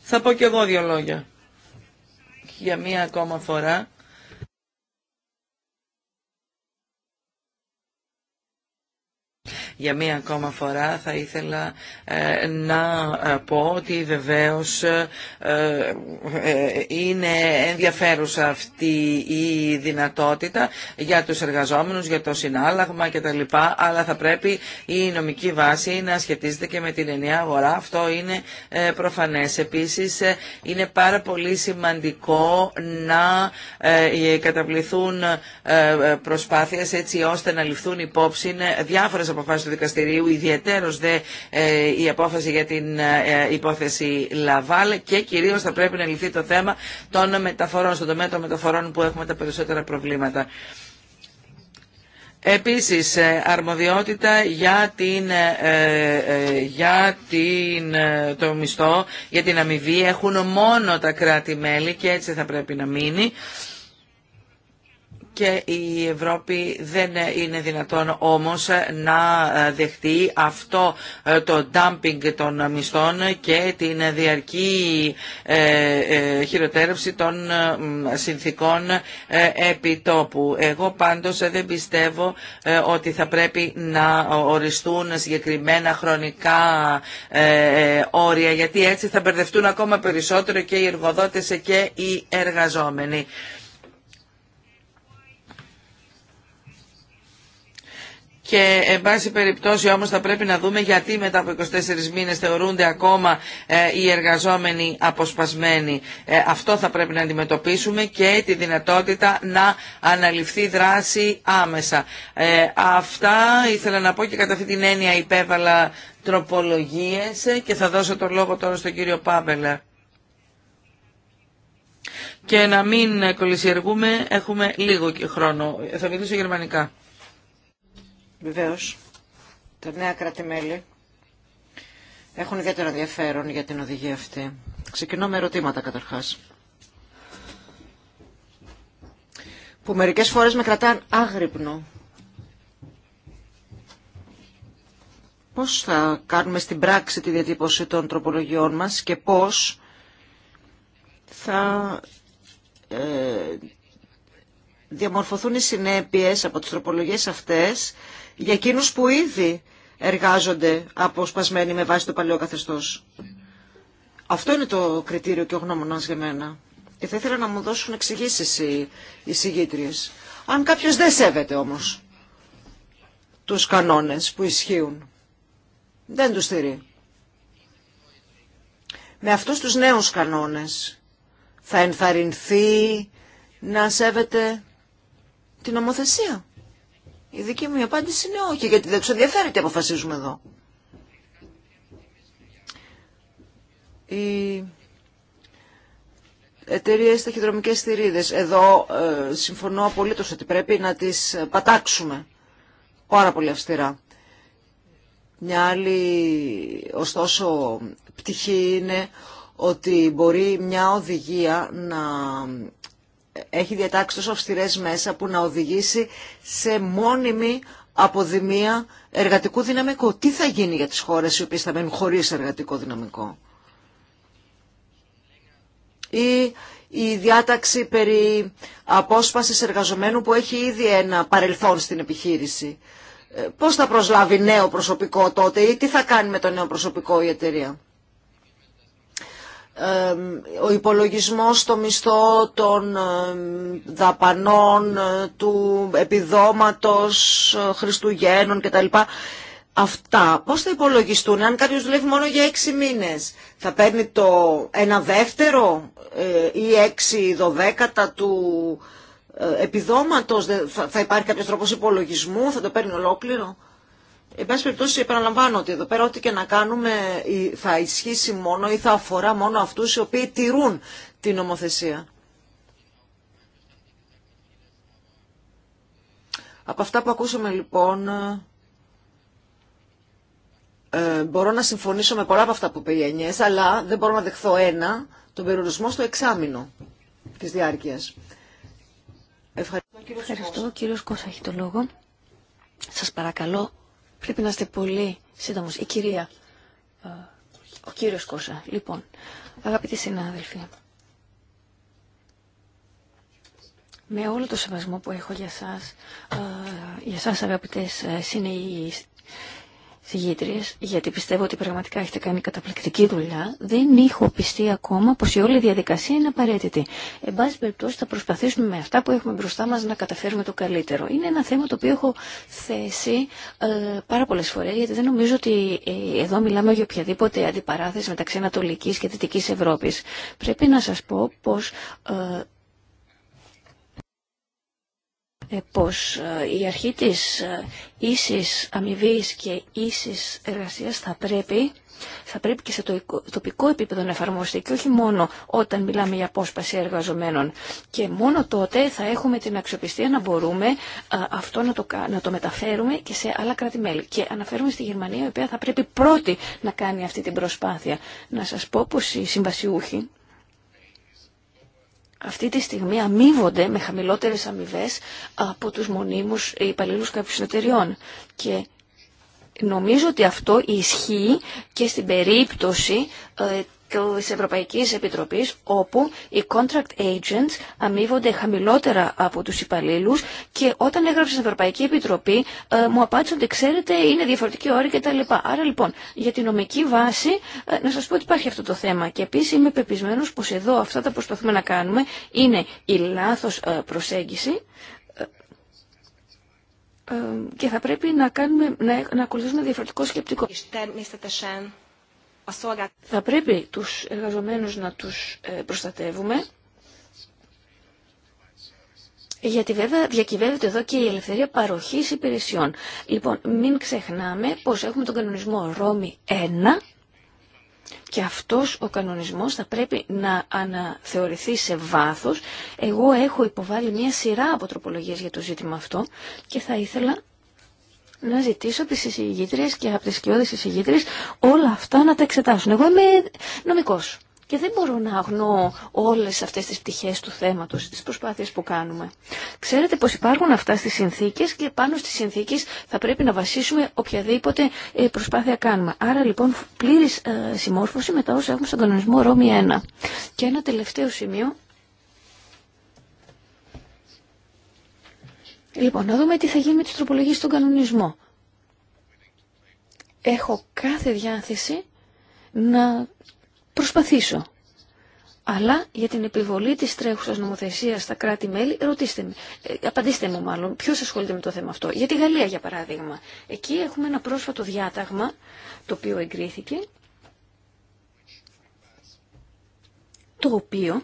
Θα πω κι εγώ δύο λόγια. Για μία ακόμα φορά Για μία ακόμα φορά θα ήθελα ε, να ε, πω ότι βεβαίως ε, είναι ενδιαφέρουσα αυτή η δυνατότητα για τους εργαζόμενους, για το συνάλλαγμα κτλ. Αλλά θα πρέπει η νομική βάση να σχετίζεται και με την ενιαία αγορά. Αυτό είναι προφανές. Επίσης είναι πάρα πολύ σημαντικό να καταβληθούν προσπάθειες έτσι ώστε να ληφθούν υπόψη διάφορες αποφάσεις δικαστηρίου, ιδιαίτερος δε ε, η απόφαση για την ε, υπόθεση Λαβάλ και κυρίως θα πρέπει να λυθεί το θέμα των μεταφορών, στον τομέα των μεταφορών που έχουμε τα περισσότερα προβλήματα. Επίσης, ε, αρμοδιότητα για, την, για την, το μισθό, για την αμοιβή έχουν μόνο τα κράτη-μέλη και έτσι θα πρέπει να μείνει και η Ευρώπη δεν είναι δυνατόν όμως να δεχτεί αυτό ε, το dumping των μισθών και την διαρκή ε, ε, χειροτέρευση των συνθήκων επιτόπου. Εγώ πάντως δεν πιστεύω ότι θα πρέπει να οριστούν συγκεκριμένα χρονικά όρια γιατί έτσι θα μπερδευτούν ακόμα περισσότερο και οι εργοδότες και οι εργαζόμενοι. και εν πάση περιπτώσει όμως θα πρέπει να δούμε γιατί μετά από 24 μήνες θεωρούνται ακόμα ε, οι εργαζόμενοι αποσπασμένοι. Ε, αυτό θα πρέπει να αντιμετωπίσουμε και τη δυνατότητα να αναλυφθεί δράση άμεσα. Ε, αυτά ήθελα να πω και κατά αυτή την έννοια υπέβαλα τροπολογίες και θα δώσω τον λόγο τώρα στον κύριο Πάβελα. Και να μην κολλησιεργούμε, έχουμε λίγο χρόνο. Θα μιλήσω γερμανικά. Βεβαίως, τα νέα κράτη-μέλη έχουν ιδιαίτερο ενδιαφέρον για την οδηγία αυτή. Ξεκινώ με ερωτήματα καταρχάς. Που μερικές φορές με κρατάνε άγρυπνο. Πώς θα κάνουμε στην πράξη τη διατύπωση των τροπολογιών μας και πώς θα ε, διαμορφωθούν οι συνέπειες από τις τροπολογίες αυτές για εκείνους που ήδη εργάζονται αποσπασμένοι με βάση το παλαιό καθεστώς. Αυτό είναι το κριτήριο και ο γνώμονας για μένα. Και θα ήθελα να μου δώσουν εξηγήσει οι, οι συγγήτριες. Αν κάποιος δεν σέβεται όμως τους κανόνες που ισχύουν, δεν τους στηρεί. Με αυτούς τους νέους κανόνες θα ενθαρρυνθεί να σέβεται την νομοθεσία. Η δική μου απάντηση είναι όχι, γιατί δεν του ενδιαφέρει τι αποφασίζουμε εδώ. Οι εταιρείε ταχυδρομικές θηρίδες. Εδώ ε, συμφωνώ απολύτως ότι πρέπει να τις πατάξουμε πάρα πολύ αυστηρά. Μια άλλη, ωστόσο, πτυχή είναι ότι μπορεί μια οδηγία να έχει διατάξει τόσο αυστηρέ μέσα που να οδηγήσει σε μόνιμη αποδημία εργατικού δυναμικού. Τι θα γίνει για τις χώρες οι οποίες θα μένουν χωρίς εργατικό δυναμικό. Ή η διάταξη περί απόσπασης εργαζομένου που έχει ήδη ένα παρελθόν στην επιχείρηση. Ε, πώς θα προσλάβει νέο προσωπικό τότε ή τι θα κάνει με το νέο προσωπικό η εταιρεία ο υπολογισμός στο μισθό των δαπανών, ε, του επιδόματος ε, Χριστουγέννων κτλ. Αυτά πώς θα υπολογιστούν αν κάποιος δουλεύει μόνο για έξι μήνες. Θα παίρνει το ένα δεύτερο ε, ή έξι δωδέκατα του επιδόματος. Θα υπάρχει κάποιος τρόπος υπολογισμού, θα το παίρνει ολόκληρο. Εν πάση περιπτώσει, επαναλαμβάνω ότι εδώ πέρα ό,τι και να κάνουμε θα ισχύσει μόνο ή θα αφορά μόνο αυτούς οι οποίοι τηρούν την νομοθεσία. Από αυτά που ακούσαμε λοιπόν, ε, μπορώ να συμφωνήσω με πολλά από αυτά που είπε η θα αφορα μονο αυτού αλλά δεν μπορώ να δεχθώ αλλα δεν μπορω να δεχθω ενα τον περιορισμό στο εξάμεινο της διάρκειας. Ευχαριστώ, κύριο Κώστα έχει το λόγο. Σας παρακαλώ Πρέπει να είστε πολύ σύντομο. Η κυρία, ε, ο κύριο Κώσσα. Λοιπόν, αγαπητοί συνάδελφοι, με όλο το σεβασμό που έχω για σας, ε, για σας αγαπητές ε, συνείγοι συγγήτριες, γιατί πιστεύω ότι πραγματικά έχετε κάνει καταπληκτική δουλειά. Δεν έχω πιστεί ακόμα πως η όλη διαδικασία είναι απαραίτητη. Εν πάση περιπτώσει θα προσπαθήσουμε με αυτά που έχουμε μπροστά μα να καταφέρουμε το καλύτερο. Είναι ένα θέμα το οποίο έχω θέσει ε, πάρα πολλέ φορές, γιατί δεν νομίζω ότι ε, εδώ μιλάμε για οποιαδήποτε αντιπαράθεση μεταξύ Ανατολική και Δυτική Ευρώπη. Πρέπει να σα πω πω. Ε, ε, πως ε, η αρχή της ε, ίσης αμοιβή και ίσης εργασίας θα πρέπει θα πρέπει και σε τοπικό επίπεδο να εφαρμοστεί και όχι μόνο όταν μιλάμε για απόσπαση εργαζομένων. Και μόνο τότε θα έχουμε την αξιοπιστία να μπορούμε αυτό να το, να το μεταφέρουμε και σε άλλα κράτη-μέλη. Και αναφέρουμε στη Γερμανία, η οποία θα πρέπει πρώτη να κάνει αυτή την προσπάθεια. Να σας πω πως οι συμβασιούχοι αυτή τη στιγμή αμείβονται με χαμηλότερες αμοιβέ από τους μονίμους υπαλλήλους κάποιων εταιριών. Και νομίζω ότι αυτό ισχύει και στην περίπτωση ε, της Ευρωπαϊκής Επιτροπής όπου οι contract agents αμείβονται χαμηλότερα από τους υπαλλήλους και όταν έγραψα στην Ευρωπαϊκή Επιτροπή ε, μου απάντησαν ότι ξέρετε είναι διαφορετική όρη κτλ. Άρα λοιπόν για την νομική βάση ε, να σας πω ότι υπάρχει αυτό το θέμα και επίσης είμαι πεπισμένος πως εδώ αυτά τα προσπαθούμε να κάνουμε είναι η λάθος ε, προσέγγιση ε, και θα πρέπει να, κάνουμε, να, να ακολουθήσουμε διαφορετικό σκεπτικό. Θα πρέπει τους εργαζομένους να τους ε, προστατεύουμε, γιατί βέβαια διακυβεύεται εδώ και η ελευθερία παροχής υπηρεσιών. Λοιπόν, μην ξεχνάμε πως έχουμε τον κανονισμό Ρώμη 1, και αυτός ο κανονισμός θα πρέπει να αναθεωρηθεί σε βάθος. Εγώ έχω υποβάλει μια σειρά από τροπολογίες για το ζήτημα αυτό και θα ήθελα να ζητήσω από τις εισηγήτριες και από τις σκιώδεις εισηγήτριες όλα αυτά να τα εξετάσουν. Εγώ είμαι νομικός και δεν μπορώ να αγνώ όλες αυτές τις πτυχές του θέματος, τις προσπάθειες που κάνουμε. Ξέρετε πως υπάρχουν αυτά στις συνθήκες και πάνω στις συνθήκες θα πρέπει να βασίσουμε οποιαδήποτε ε, προσπάθεια κάνουμε. Άρα λοιπόν πλήρης ε, συμμόρφωση με τα όσα έχουμε στον κανονισμό Ρώμη 1. Και ένα τελευταίο σημείο Λοιπόν, να δούμε τι θα γίνει με τις τροπολογίες στον κανονισμό. Έχω κάθε διάθεση να προσπαθήσω. Αλλά για την επιβολή της τρέχουσας νομοθεσίας στα κράτη-μέλη, ρωτήστε με, ε, απαντήστε μου μάλλον, ποιος ασχολείται με το θέμα αυτό. Για τη Γαλλία, για παράδειγμα. Εκεί έχουμε ένα πρόσφατο διάταγμα, το οποίο εγκρίθηκε, το οποίο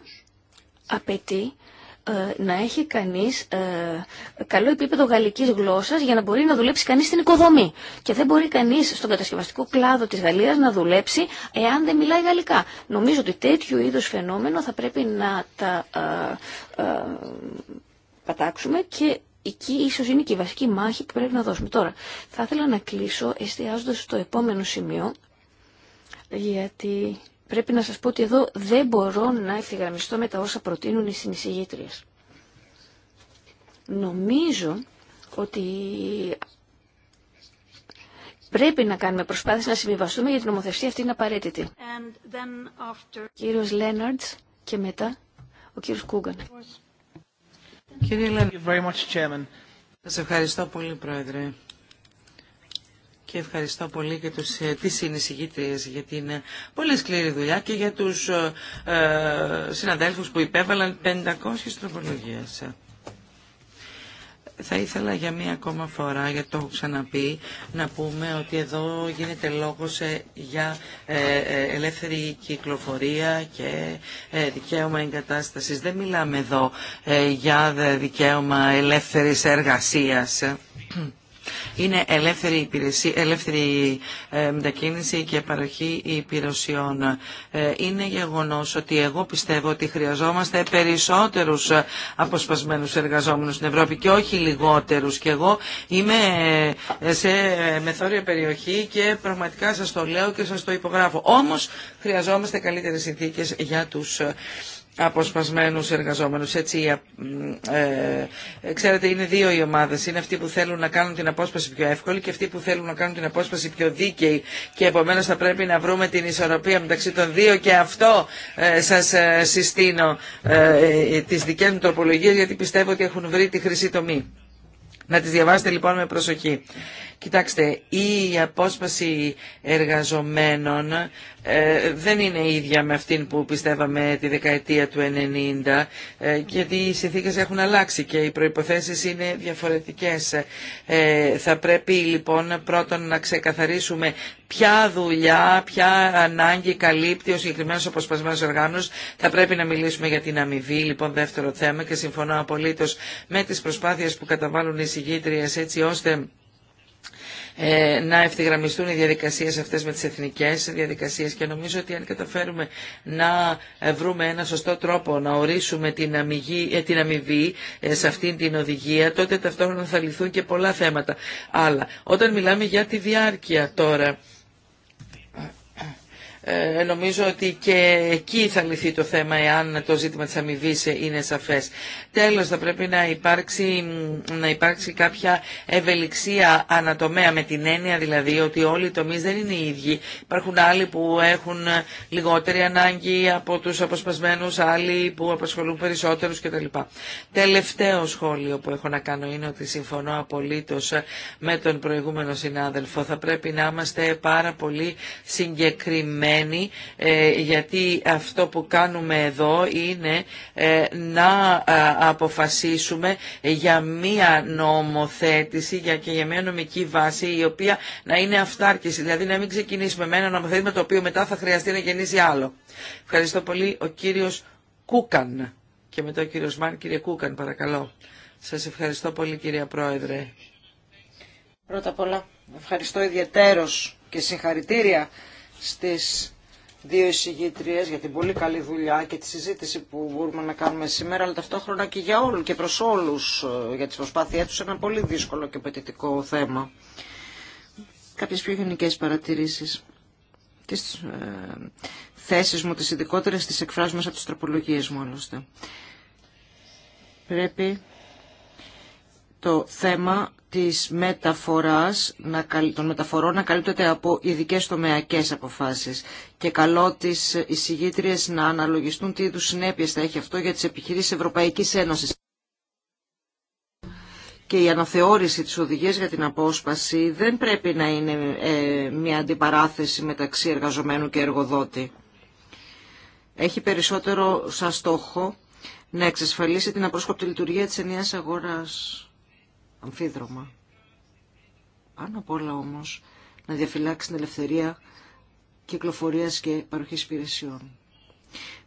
απαιτεί ε, να έχει κανείς ε, καλό επίπεδο γαλλικής γλώσσας για να μπορεί να δουλέψει κανείς στην οικοδομή. Και δεν μπορεί κανείς στον κατασκευαστικό κλάδο της Γαλλίας να δουλέψει εάν δεν μιλάει γαλλικά. Νομίζω ότι τέτοιου είδος φαινόμενο θα πρέπει να τα ε, πατάξουμε και εκεί ίσως είναι και η βασική μάχη που πρέπει να δώσουμε. Τώρα, θα ήθελα να κλείσω εστιάζοντας στο επόμενο σημείο γιατί πρέπει να σας πω ότι εδώ δεν μπορώ να ευθυγραμμιστώ με τα όσα προτείνουν οι συνεισηγήτριες. Νομίζω ότι πρέπει να κάνουμε προσπάθειες να συμβιβαστούμε για την νομοθεσία αυτή είναι απαραίτητη. Κύριος Λέναρτς και μετά ο κύριος Κούγκαν. Κύριε Λέναρτς, σας ευχαριστώ πολύ πρόεδρε και ευχαριστώ πολύ και τους, ε, τις συνεισηγήτριες για την ε, πολύ σκληρή δουλειά και για τους ε, ε συναδέλφους που υπέβαλαν 500 τροπολογίες. Θα ήθελα για μία ακόμα φορά, γιατί το έχω ξαναπεί, να πούμε ότι εδώ γίνεται λόγος για ελεύθερη κυκλοφορία και δικαίωμα εγκατάστασης. Δεν μιλάμε εδώ για δικαίωμα ελεύθερης εργασίας είναι ελεύθερη, υπηρεσία, ελεύθερη ε, μετακίνηση και παροχή υπηρεσιών. Ε, είναι γεγονός ότι εγώ πιστεύω ότι χρειαζόμαστε περισσότερους ε, αποσπασμένους εργαζόμενους στην Ευρώπη και όχι λιγότερους. Και εγώ είμαι σε μεθόρια περιοχή και πραγματικά σας το λέω και σας το υπογράφω. Όμως χρειαζόμαστε καλύτερες συνθήκες για τους αποσπασμένους εργαζόμενους. Έτσι, ε, ε, ξέρετε, είναι δύο οι ομάδες. Είναι αυτοί που θέλουν να κάνουν την απόσπαση πιο εύκολη και αυτοί που θέλουν να κάνουν την απόσπαση πιο δίκαιη. Και επομένως θα πρέπει να βρούμε την ισορροπία μεταξύ των δύο και αυτό ε, σας ε, συστήνω ε, τις δικές μου τροπολογίες γιατί πιστεύω ότι έχουν βρει τη χρυσή τομή. Να τις διαβάσετε λοιπόν με προσοχή. Κοιτάξτε, η απόσπαση εργαζομένων ε, δεν είναι ίδια με αυτήν που πιστεύαμε τη δεκαετία του 90 ε, γιατί οι συνθήκες έχουν αλλάξει και οι προϋποθέσεις είναι διαφορετικές. Ε, θα πρέπει λοιπόν πρώτον να ξεκαθαρίσουμε ποια δουλειά, ποια ανάγκη καλύπτει ο συγκεκριμένος αποσπασμένος οργάνος. Θα πρέπει να μιλήσουμε για την αμοιβή, λοιπόν δεύτερο θέμα και συμφωνώ απολύτως με τις προσπάθειες που καταβάλουν οι συγγήτριες έτσι ώστε ε, να ευθυγραμμιστούν οι διαδικασίες αυτές με τις εθνικές διαδικασίες και νομίζω ότι αν καταφέρουμε να ε, βρούμε ένα σωστό τρόπο να ορίσουμε την, αμυγή, ε, την αμοιβή σε αυτήν την οδηγία, τότε ταυτόχρονα θα λυθούν και πολλά θέματα. Αλλά όταν μιλάμε για τη διάρκεια τώρα, ε, νομίζω ότι και εκεί θα λυθεί το θέμα εάν το ζήτημα της αμοιβή είναι σαφές. Τέλος θα πρέπει να υπάρξει, να υπάρξει κάποια ευελιξία ανατομέα με την έννοια δηλαδή ότι όλοι οι τομείς δεν είναι οι ίδιοι. Υπάρχουν άλλοι που έχουν λιγότερη ανάγκη από τους αποσπασμένους, άλλοι που απασχολούν περισσότερους κτλ. Τελευταίο σχόλιο που έχω να κάνω είναι ότι συμφωνώ απολύτως με τον προηγούμενο συνάδελφο. Θα πρέπει να είμαστε πάρα πολύ συγκεκριμένοι ε, γιατί αυτό που κάνουμε εδώ είναι ε, να ε, αποφασίσουμε για μία νομοθέτηση και για μία νομική βάση η οποία να είναι αυτάρκηση. Δηλαδή να μην ξεκινήσουμε με ένα νομοθέτημα το οποίο μετά θα χρειαστεί να γεννήσει άλλο. Ευχαριστώ πολύ ο κύριος Κούκαν και μετά ο κύριος Μάν. Κύριε Κούκαν παρακαλώ. Σας ευχαριστώ πολύ κυρία Πρόεδρε. Πρώτα απ' όλα ευχαριστώ ιδιαίτερος και συγχαρητήρια στις δύο εισηγήτριε για την πολύ καλή δουλειά και τη συζήτηση που μπορούμε να κάνουμε σήμερα, αλλά ταυτόχρονα και για όλους και προς όλους ε, για τις προσπάθειές τους ένα πολύ δύσκολο και πετητικό θέμα. Κάποιες πιο γενικές παρατηρήσεις. Τις ε, μου, τις ειδικότερες, τις εκφράζουμε από τις τροπολογίες μου, άλλωστε. Πρέπει το θέμα της μεταφοράς, των μεταφορών να καλύπτεται από ειδικέ τομεακές αποφάσεις και καλό τις εισηγήτριες να αναλογιστούν τι είδους συνέπειες θα έχει αυτό για τις επιχειρήσεις Ευρωπαϊκής Ένωσης. Και η αναθεώρηση της οδηγίας για την απόσπαση δεν πρέπει να είναι ε, μια αντιπαράθεση μεταξύ εργαζομένου και εργοδότη. Έχει περισσότερο σαν στόχο να εξασφαλίσει την απρόσκοπτη λειτουργία της ενιαίας αγοράς αμφίδρομα. Πάνω απ' όλα όμως να διαφυλάξει την ελευθερία κυκλοφορίας και παροχής υπηρεσιών.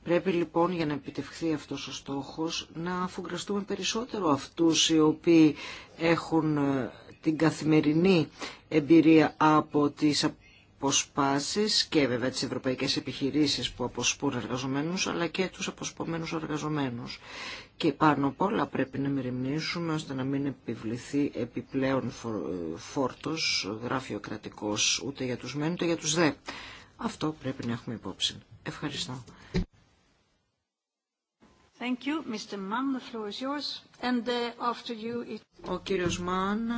Πρέπει λοιπόν για να επιτευχθεί αυτός ο στόχος να αφουγκραστούμε περισσότερο αυτούς οι οποίοι έχουν ε, την καθημερινή εμπειρία από τις αποσπάσεις και βέβαια τις ευρωπαϊκές επιχειρήσεις που αποσπούν εργαζομένους αλλά και τους αποσπωμένους εργαζομένους και πάνω απ' όλα πρέπει να μεριμνήσουμε ώστε να μην επιβληθεί επιπλέον φόρτος γραφειοκρατικός ούτε για τους μεν ούτε για τους δε. Αυτό πρέπει να έχουμε υπόψη. Ευχαριστώ. Thank you, Mr. Mann. The floor is yours. And uh, after you it... Ο κύριος Μαν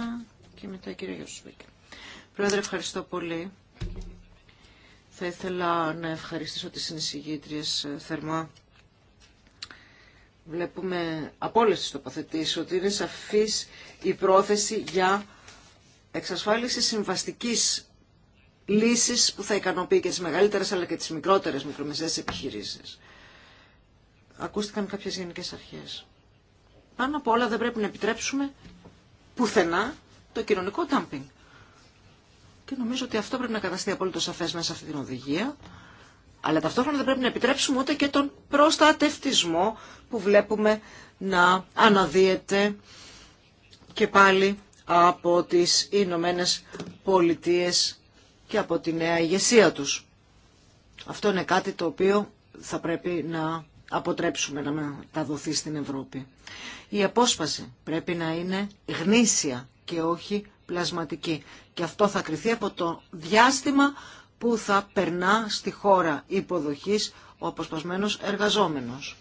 και μετά η κυρία Γιώσουβικ. Πρόεδρε, ευχαριστώ πολύ. Θα ήθελα να ευχαριστήσω τις συνεισηγήτριες ε, θερμά βλέπουμε από όλες τις τοποθετήσεις ότι είναι σαφής η πρόθεση για εξασφάλιση συμβαστικής λύσης που θα ικανοποιεί και τις μεγαλύτερες αλλά και τις μικρότερες μικρομεσαίες επιχειρήσεις. Ακούστηκαν κάποιες γενικές αρχές. Πάνω από όλα δεν πρέπει να επιτρέψουμε πουθενά το κοινωνικό τάμπινγκ. Και νομίζω ότι αυτό πρέπει να καταστεί απόλυτο σαφές μέσα σε αυτή την οδηγία αλλά ταυτόχρονα δεν πρέπει να επιτρέψουμε ούτε και τον προστατευτισμό που βλέπουμε να αναδύεται και πάλι από τις Ηνωμένε Πολιτείες και από τη νέα ηγεσία τους. Αυτό είναι κάτι το οποίο θα πρέπει να αποτρέψουμε να μεταδοθεί στην Ευρώπη. Η απόσπαση πρέπει να είναι γνήσια και όχι πλασματική. Και αυτό θα κριθεί από το διάστημα που θα περνά στη χώρα υποδοχής ο αποσπασμένος εργαζόμενος.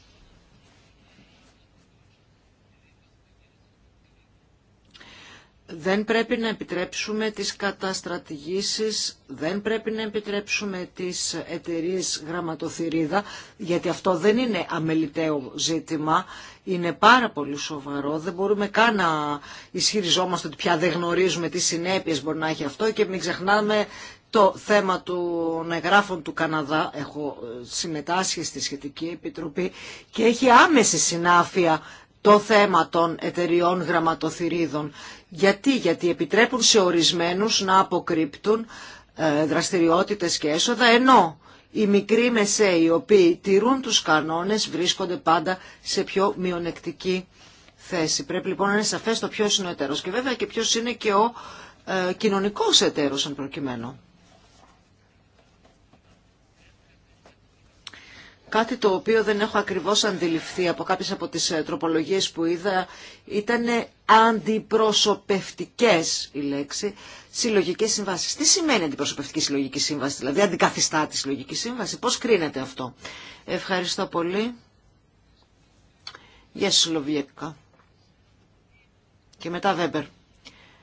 Δεν πρέπει να επιτρέψουμε τις καταστρατηγήσεις, δεν πρέπει να επιτρέψουμε τις εταιρείε γραμματοθυρίδα, γιατί αυτό δεν είναι αμεληταίο ζήτημα, είναι πάρα πολύ σοβαρό, δεν μπορούμε καν να ισχυριζόμαστε ότι πια δεν γνωρίζουμε τι συνέπειες μπορεί να έχει αυτό και μην ξεχνάμε το θέμα των εγγράφων του Καναδά. Έχω ε, συμμετάσχει στη σχετική επιτροπή και έχει άμεση συνάφεια το θέμα των εταιριών γραμματοθυρίδων. Γιατί, γιατί επιτρέπουν σε ορισμένους να αποκρύπτουν ε, δραστηριότητες και έσοδα, ενώ οι μικροί μεσαίοι, οι οποίοι τηρούν τους κανόνες, βρίσκονται πάντα σε πιο μειονεκτική θέση. Πρέπει λοιπόν να είναι σαφές το ποιος είναι ο εταίρος και βέβαια και ποιος είναι και ο ε, κοινωνικός εταίρος, αν προκειμένου. Κάτι το οποίο δεν έχω ακριβώς αντιληφθεί από κάποιες από τις ε, τροπολογίες που είδα ήταν αντιπροσωπευτικές η λέξη συλλογικές συμβάσεις. Τι σημαίνει αντιπροσωπευτική συλλογική σύμβαση, δηλαδή αντικαθιστά τη συλλογική σύμβαση, πώς κρίνεται αυτό. Ευχαριστώ πολύ. Γεια σου Λοβιέκα. Και μετά Βέμπερ.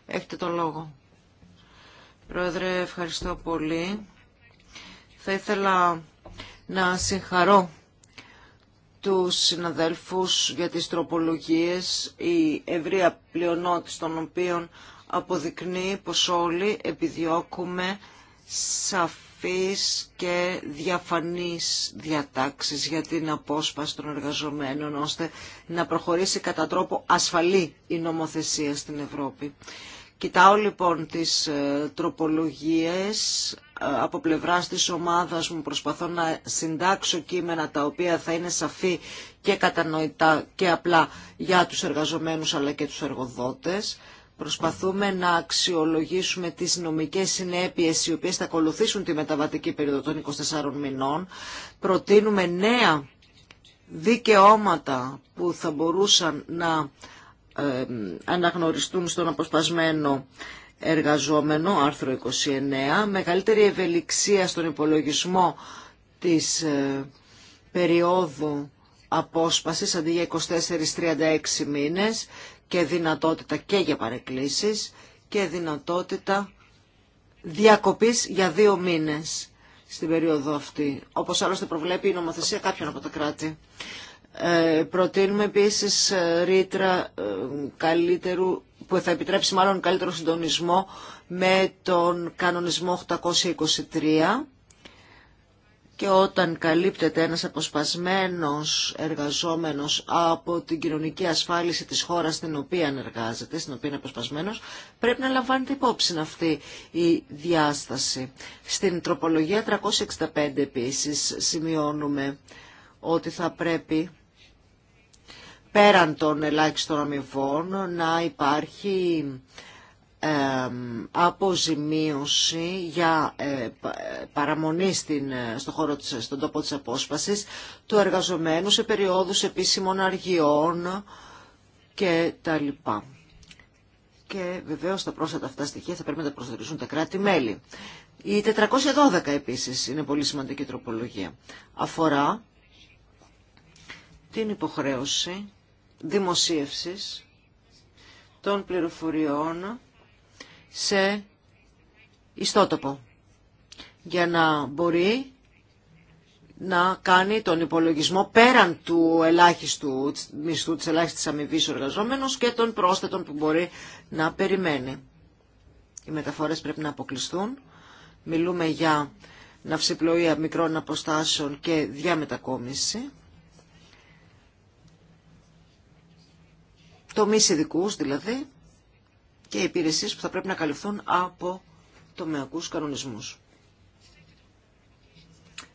Έχετε το λόγο. Πρόεδρε, ευχαριστώ πολύ. Θα ήθελα να συγχαρώ τους συναδέλφους για τις τροπολογίες, η ευρεία πλειονότητα των οποίων αποδεικνύει πως όλοι επιδιώκουμε σαφείς και διαφανείς διατάξεις για την απόσπαση των εργαζομένων ώστε να προχωρήσει κατά τρόπο ασφαλή η νομοθεσία στην Ευρώπη. Κοιτάω λοιπόν τις ε, τροπολογίες από πλευράς της ομάδας μου προσπαθώ να συντάξω κείμενα τα οποία θα είναι σαφή και κατανοητά και απλά για τους εργαζομένους αλλά και τους εργοδότες. Προσπαθούμε να αξιολογήσουμε τις νομικές συνέπειες οι οποίες θα ακολουθήσουν τη μεταβατική περίοδο των 24 μηνών. Προτείνουμε νέα δικαιώματα που θα μπορούσαν να ε, αναγνωριστούν στον αποσπασμένο εργαζόμενο, άρθρο 29, μεγαλύτερη ευελιξία στον υπολογισμό της ε, περίοδου απόσπασης αντί για 24-36 μήνες και δυνατότητα και για παρεκκλήσεις και δυνατότητα διακοπής για δύο μήνες στην περίοδο αυτή, όπως άλλωστε προβλέπει η νομοθεσία κάποιων από τα κράτη. Ε, προτείνουμε επίσης ε, ρήτρα ε, καλύτερου που θα επιτρέψει μάλλον καλύτερο συντονισμό με τον κανονισμό 823 και όταν καλύπτεται ένας αποσπασμένος εργαζόμενος από την κοινωνική ασφάλιση της χώρας στην οποία εργάζεται, στην οποία είναι αποσπασμένος, πρέπει να λαμβάνεται υπόψη αυτή η διάσταση. Στην τροπολογία 365 επίσης σημειώνουμε ότι θα πρέπει πέραν των ελάχιστων αμοιβών να υπάρχει αποζημίωση για ε, ε, παραμονή στην, ε, στο χώρο της, στον τόπο της απόσπασης του εργαζομένου σε περιόδους επίσημων αργιών και τα λοιπά. Και βεβαίως τα πρόσθετα αυτά στοιχεία θα πρέπει να τα προσδιορίσουν τα κράτη-μέλη. Η 412 επίσης είναι πολύ σημαντική τροπολογία. Αφορά την υποχρέωση δημοσίευσης των πληροφοριών σε ιστότοπο για να μπορεί να κάνει τον υπολογισμό πέραν του ελάχιστου μισθού της ελάχιστης αμοιβής ο και των πρόσθετων που μπορεί να περιμένει. Οι μεταφορές πρέπει να αποκλειστούν. Μιλούμε για ναυσιπλοεία μικρών αποστάσεων και διαμετακόμιση. τομείς ειδικού δηλαδή και υπηρεσίες που θα πρέπει να καλυφθούν από τομεακούς κανονισμούς.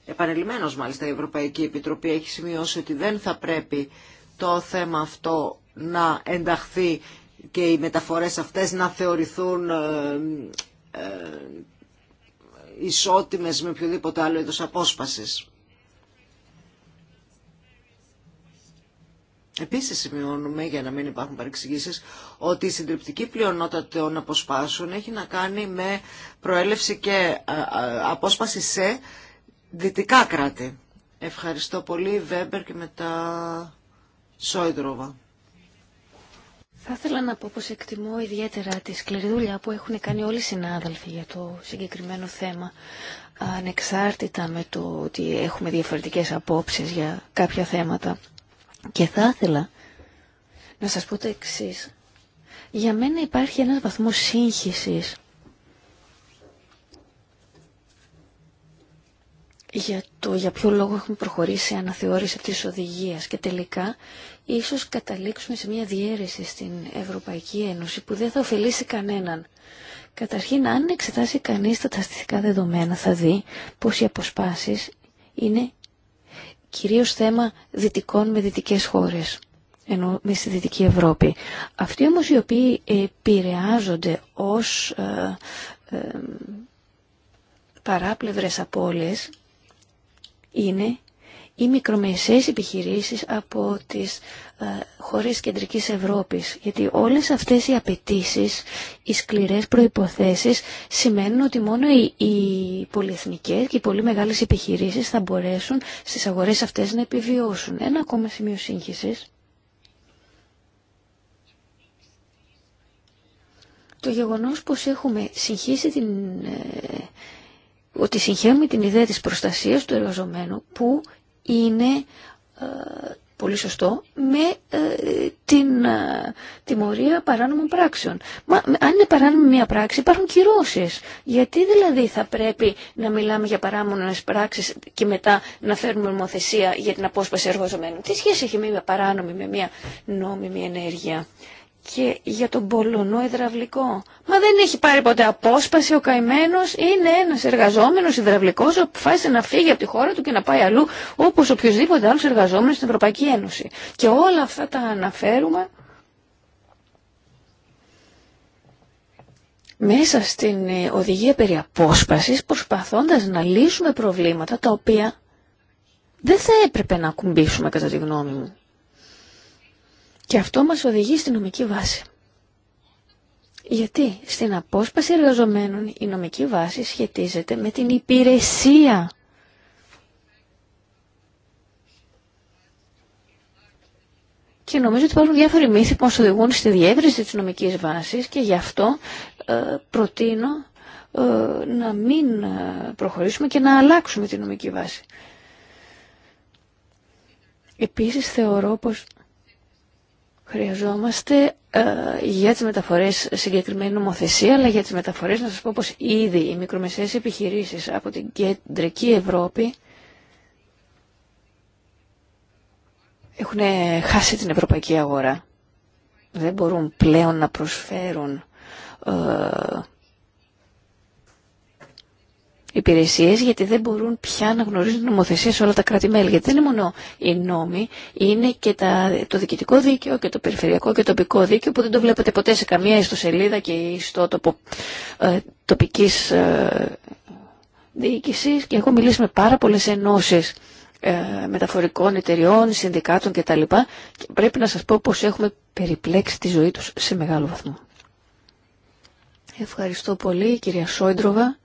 Επανελειμμένος μάλιστα η Ευρωπαϊκή Επιτροπή έχει σημειώσει ότι δεν θα πρέπει το θέμα αυτό να ενταχθεί και οι μεταφορές αυτές να θεωρηθούν ε, ε, ισότιμες με οποιοδήποτε άλλο είδος απόσπασης. Επίσης σημειώνουμε, για να μην υπάρχουν παρεξηγήσεις, ότι η συντριπτική πλειονότητα των αποσπάσεων έχει να κάνει με προέλευση και απόσπαση σε δυτικά κράτη. Ευχαριστώ πολύ, Βέμπερ και μετά Σόιντροβα. Θα ήθελα να πω πως εκτιμώ ιδιαίτερα τη σκληρή δουλειά που έχουν κάνει όλοι οι συνάδελφοι για το συγκεκριμένο θέμα ανεξάρτητα με το ότι έχουμε διαφορετικές απόψεις για κάποια θέματα. Και θα ήθελα να σας πω το εξή. Για μένα υπάρχει ένας βαθμός σύγχυσης. για το για ποιο λόγο έχουμε προχωρήσει σε αναθεώρηση αυτής της οδηγίας και τελικά ίσως καταλήξουμε σε μια διαίρεση στην Ευρωπαϊκή Ένωση που δεν θα ωφελήσει κανέναν. Καταρχήν αν εξετάσει κανείς τα ταστιστικά δεδομένα θα δει πως οι αποσπάσεις είναι κυρίως θέμα δυτικών με δυτικές χώρες ενώ με στη Δυτική Ευρώπη. Αυτοί όμως οι οποίοι επηρεάζονται ως ε, ε, παράπλευρες απώλειες είναι οι μικρομεσαίες επιχειρήσεις από τις ε, χωρίς κεντρικής Ευρώπης. Γιατί όλες αυτές οι απαιτήσει, οι σκληρές προϋποθέσεις σημαίνουν ότι μόνο οι, οι πολυεθνικές και οι πολύ μεγάλες επιχειρήσεις θα μπορέσουν στις αγορές αυτές να επιβιώσουν. Ένα ακόμα σημείο σύγχυσης. Το γεγονός πως έχουμε συγχύσει την... Ε, ότι συγχαίρουμε την ιδέα της προστασίας του εργαζομένου που είναι ε, πολύ σωστό, με ε, την ε, τιμωρία παράνομων πράξεων. Μα αν είναι παράνομη μια πράξη υπάρχουν κυρώσει. Γιατί δηλαδή θα πρέπει να μιλάμε για παράνομες πράξεις και μετά να φέρνουμε νομοθεσία για την απόσπαση εργοζομένων. Τι σχέση έχει μια παράνομη με μια νόμιμη ενέργεια και για τον Πολωνό υδραυλικό. Μα δεν έχει πάρει ποτέ απόσπαση ο καημένο. Είναι ένα εργαζόμενο υδραυλικό που αποφάσισε να φύγει από τη χώρα του και να πάει αλλού όπω οποιοδήποτε άλλο εργαζόμενο στην Ευρωπαϊκή Ένωση. Και όλα αυτά τα αναφέρουμε μέσα στην ε, οδηγία περί απόσπασης προσπαθώντας να λύσουμε προβλήματα τα οποία δεν θα έπρεπε να ακουμπήσουμε κατά τη γνώμη μου. Και αυτό μας οδηγεί στη νομική βάση. Γιατί στην απόσπαση εργαζομένων η νομική βάση σχετίζεται με την υπηρεσία. Και νομίζω ότι υπάρχουν διάφοροι μύθοι που μας οδηγούν στη διεύρυνση της νομικής βάσης και γι' αυτό ε, προτείνω ε, να μην ε, προχωρήσουμε και να αλλάξουμε τη νομική βάση. Επίσης θεωρώ πως Χρειαζόμαστε ε, για τις μεταφορές συγκεκριμένη νομοθεσία, αλλά για τις μεταφορές να σας πω πως ήδη οι μικρομεσαίες επιχειρήσεις από την κεντρική Ευρώπη έχουν χάσει την ευρωπαϊκή αγορά. Δεν μπορούν πλέον να προσφέρουν ε, Υπηρεσίε γιατί δεν μπορούν πια να γνωρίζουν νομοθεσία σε όλα τα κράτη-μέλη. Γιατί δεν είναι μόνο οι νόμοι, είναι και τα, το διοικητικό δίκαιο και το περιφερειακό και το τοπικό δίκαιο που δεν το βλέπετε ποτέ σε καμία ιστοσελίδα και στο τοπο, ε, τοπικής ε, διοίκησης. Και έχω μιλήσει με πάρα πολλέ ενώσει ε, μεταφορικών εταιριών, συνδικάτων κτλ. Και πρέπει να σας πω πως έχουμε περιπλέξει τη ζωή τους σε μεγάλο βαθμό. Ευχαριστώ πολύ κυρία Σόιντροβα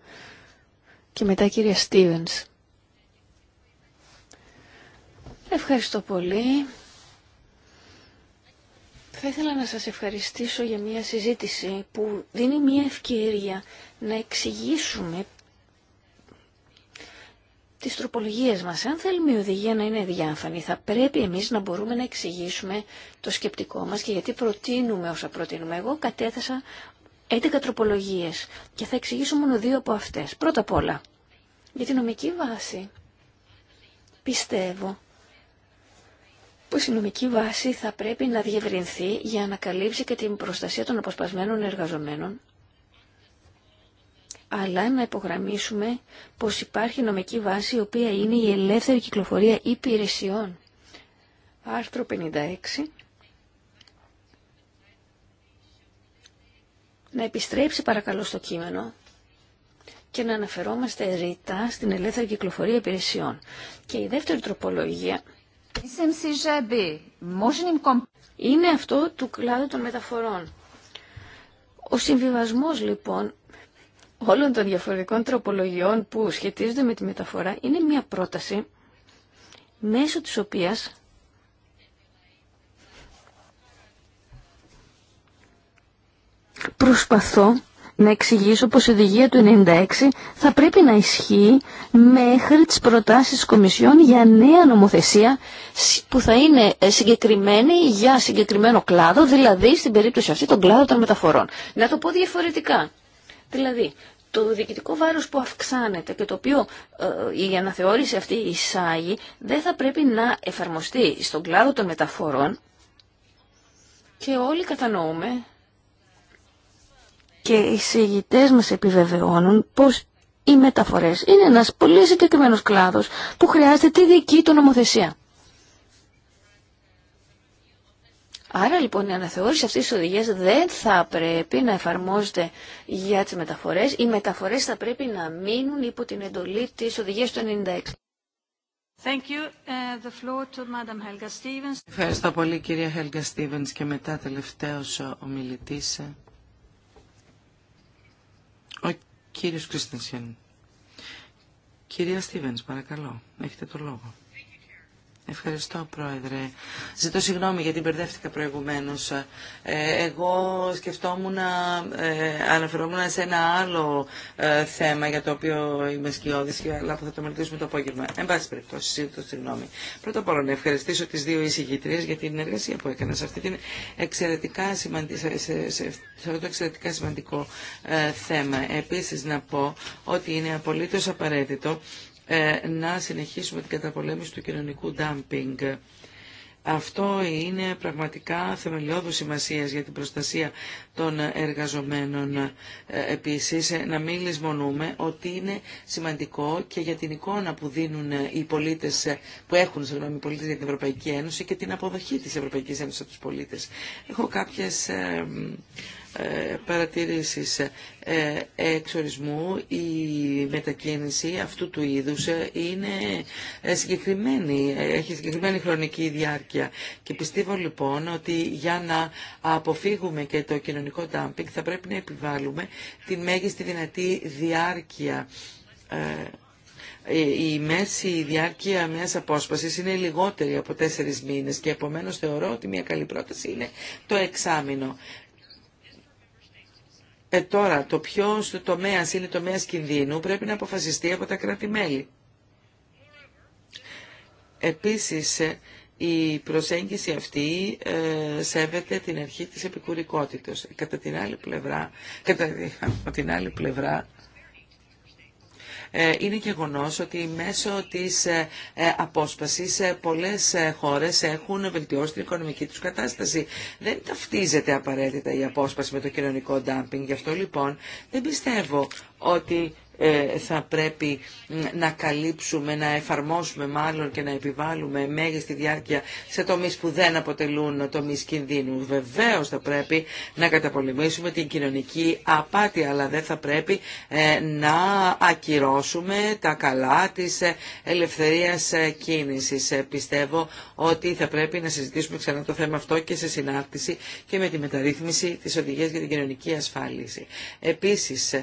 και μετά κυρία Στίβενς. Ευχαριστώ πολύ. Θα ήθελα να σας ευχαριστήσω για μια συζήτηση που δίνει μια ευκαιρία να εξηγήσουμε τις τροπολογίες μας. Αν θέλουμε η οδηγία να είναι διάφανη, θα πρέπει εμείς να μπορούμε να εξηγήσουμε το σκεπτικό μας και γιατί προτείνουμε όσα προτείνουμε. Εγώ κατέθεσα 11 τροπολογίε και θα εξηγήσω μόνο δύο από αυτέ. Πρώτα απ' όλα, για την νομική βάση πιστεύω πως η νομική βάση θα πρέπει να διευρυνθεί για να καλύψει και την προστασία των αποσπασμένων εργαζομένων αλλά να υπογραμμίσουμε πως υπάρχει νομική βάση η οποία είναι η ελεύθερη κυκλοφορία υπηρεσιών. Άρθρο 56 να επιστρέψει παρακαλώ στο κείμενο και να αναφερόμαστε ρητά στην ελεύθερη κυκλοφορία υπηρεσιών. Και η δεύτερη τροπολογία είναι αυτό του κλάδου των μεταφορών. Ο συμβιβασμός λοιπόν όλων των διαφορετικών τροπολογιών που σχετίζονται με τη μεταφορά είναι μια πρόταση μέσω της οποίας προσπαθώ να εξηγήσω πως η οδηγία του 96 θα πρέπει να ισχύει μέχρι τις προτάσεις της Κομισιόν για νέα νομοθεσία που θα είναι ε, συγκεκριμένη για συγκεκριμένο κλάδο, δηλαδή στην περίπτωση αυτή τον κλάδο των μεταφορών. Να το πω διαφορετικά. Δηλαδή, το διοικητικό βάρος που αυξάνεται και το οποίο ε, η αναθεώρηση αυτή εισάγει δεν θα πρέπει να εφαρμοστεί στον κλάδο των μεταφορών και όλοι κατανοούμε και οι συγητές μας επιβεβαιώνουν πως οι μεταφορές είναι ένας πολύ συγκεκριμένο κλάδος που χρειάζεται τη δική του νομοθεσία. Άρα λοιπόν η αναθεώρηση αυτής της οδηγίας δεν θα πρέπει να εφαρμόζεται για τις μεταφορές. Οι μεταφορές θα πρέπει να μείνουν υπό την εντολή της οδηγίας του 96. Thank you. Ε, the floor to Madam Helga Ευχαριστώ πολύ κυρία Helga Stevens και μετά τελευταίος ο μιλητής. Ε, ο κύριος Κρίστινσέν. Κυρία Στίβενς, παρακαλώ, έχετε το λόγο. Ευχαριστώ, Πρόεδρε. Ζητώ συγγνώμη γιατί μπερδεύτηκα προηγουμένω. Ε, εγώ σκεφτόμουν να ε, αναφερόμουν σε ένα άλλο ε, θέμα για το οποίο είμαι σκιώδη, αλλά που θα το μελετήσουμε το απόγευμα. Εν πάση περιπτώσει, ζητώ συγγνώμη. Πρώτα απ' όλα, να ευχαριστήσω τι δύο εισηγητρίε για την εργασία που έκανα σε, αυτή την εξαιρετικά αυτό το εξαιρετικά σημαντικό θέμα. Επίση, να πω ότι είναι απολύτω απαραίτητο ε, να συνεχίσουμε την καταπολέμηση του κοινωνικού ντάμπινγκ. Αυτό είναι πραγματικά θεμελιώδου σημασία για την προστασία των εργαζομένων. Ε, επίσης, ε, να μην λησμονούμε ότι είναι σημαντικό και για την εικόνα που δίνουν οι πολίτες, που έχουν συγγνώμη, οι πολίτες για την Ευρωπαϊκή Ένωση και την αποδοχή της Ευρωπαϊκής Ένωσης από τους πολίτες. Έχω κάποιες ε, παρατηρήσεις ε, εξορισμού η μετακίνηση αυτού του είδους ε, είναι συγκεκριμένη, έχει συγκεκριμένη χρονική διάρκεια και πιστεύω λοιπόν ότι για να αποφύγουμε και το κοινωνικό ντάμπινγκ θα πρέπει να επιβάλλουμε τη μέγιστη δυνατή διάρκεια η μέση διάρκεια μιας απόσπασης είναι λιγότερη από τέσσερις μήνες και επομένω θεωρώ ότι μια καλή πρόταση είναι το εξάμεινο. Ε, τώρα, το ποιο τομέα είναι τομέα κινδύνου πρέπει να αποφασιστεί από τα κράτη-μέλη. Επίσης, ε, η προσέγγιση αυτή ε, σέβεται την αρχή της επικουρικότητας. Κατά την άλλη πλευρά, κατά, την άλλη πλευρά ε, είναι γεγονός ότι μέσω της ε, ε, απόσπασης πολλές χώρες έχουν βελτιώσει την οικονομική τους κατάσταση. Δεν ταυτίζεται απαραίτητα η απόσπαση με το κοινωνικό ντάμπινγκ. Γι' αυτό λοιπόν δεν πιστεύω ότι ε, θα πρέπει να καλύψουμε, να εφαρμόσουμε μάλλον και να επιβάλλουμε μέγιστη διάρκεια σε τομείς που δεν αποτελούν τομείς κινδύνου. Βεβαίως θα πρέπει να καταπολεμήσουμε την κοινωνική απάτη, αλλά δεν θα πρέπει ε, να ακυρώσουμε τα καλά της ε, ελευθερίας κίνησης. Πιστεύω ότι θα πρέπει να συζητήσουμε ξανά το θέμα αυτό και σε συνάρτηση και με τη μεταρρύθμιση της οδηγίας για την κοινωνική ασφάλιση. Επίσης,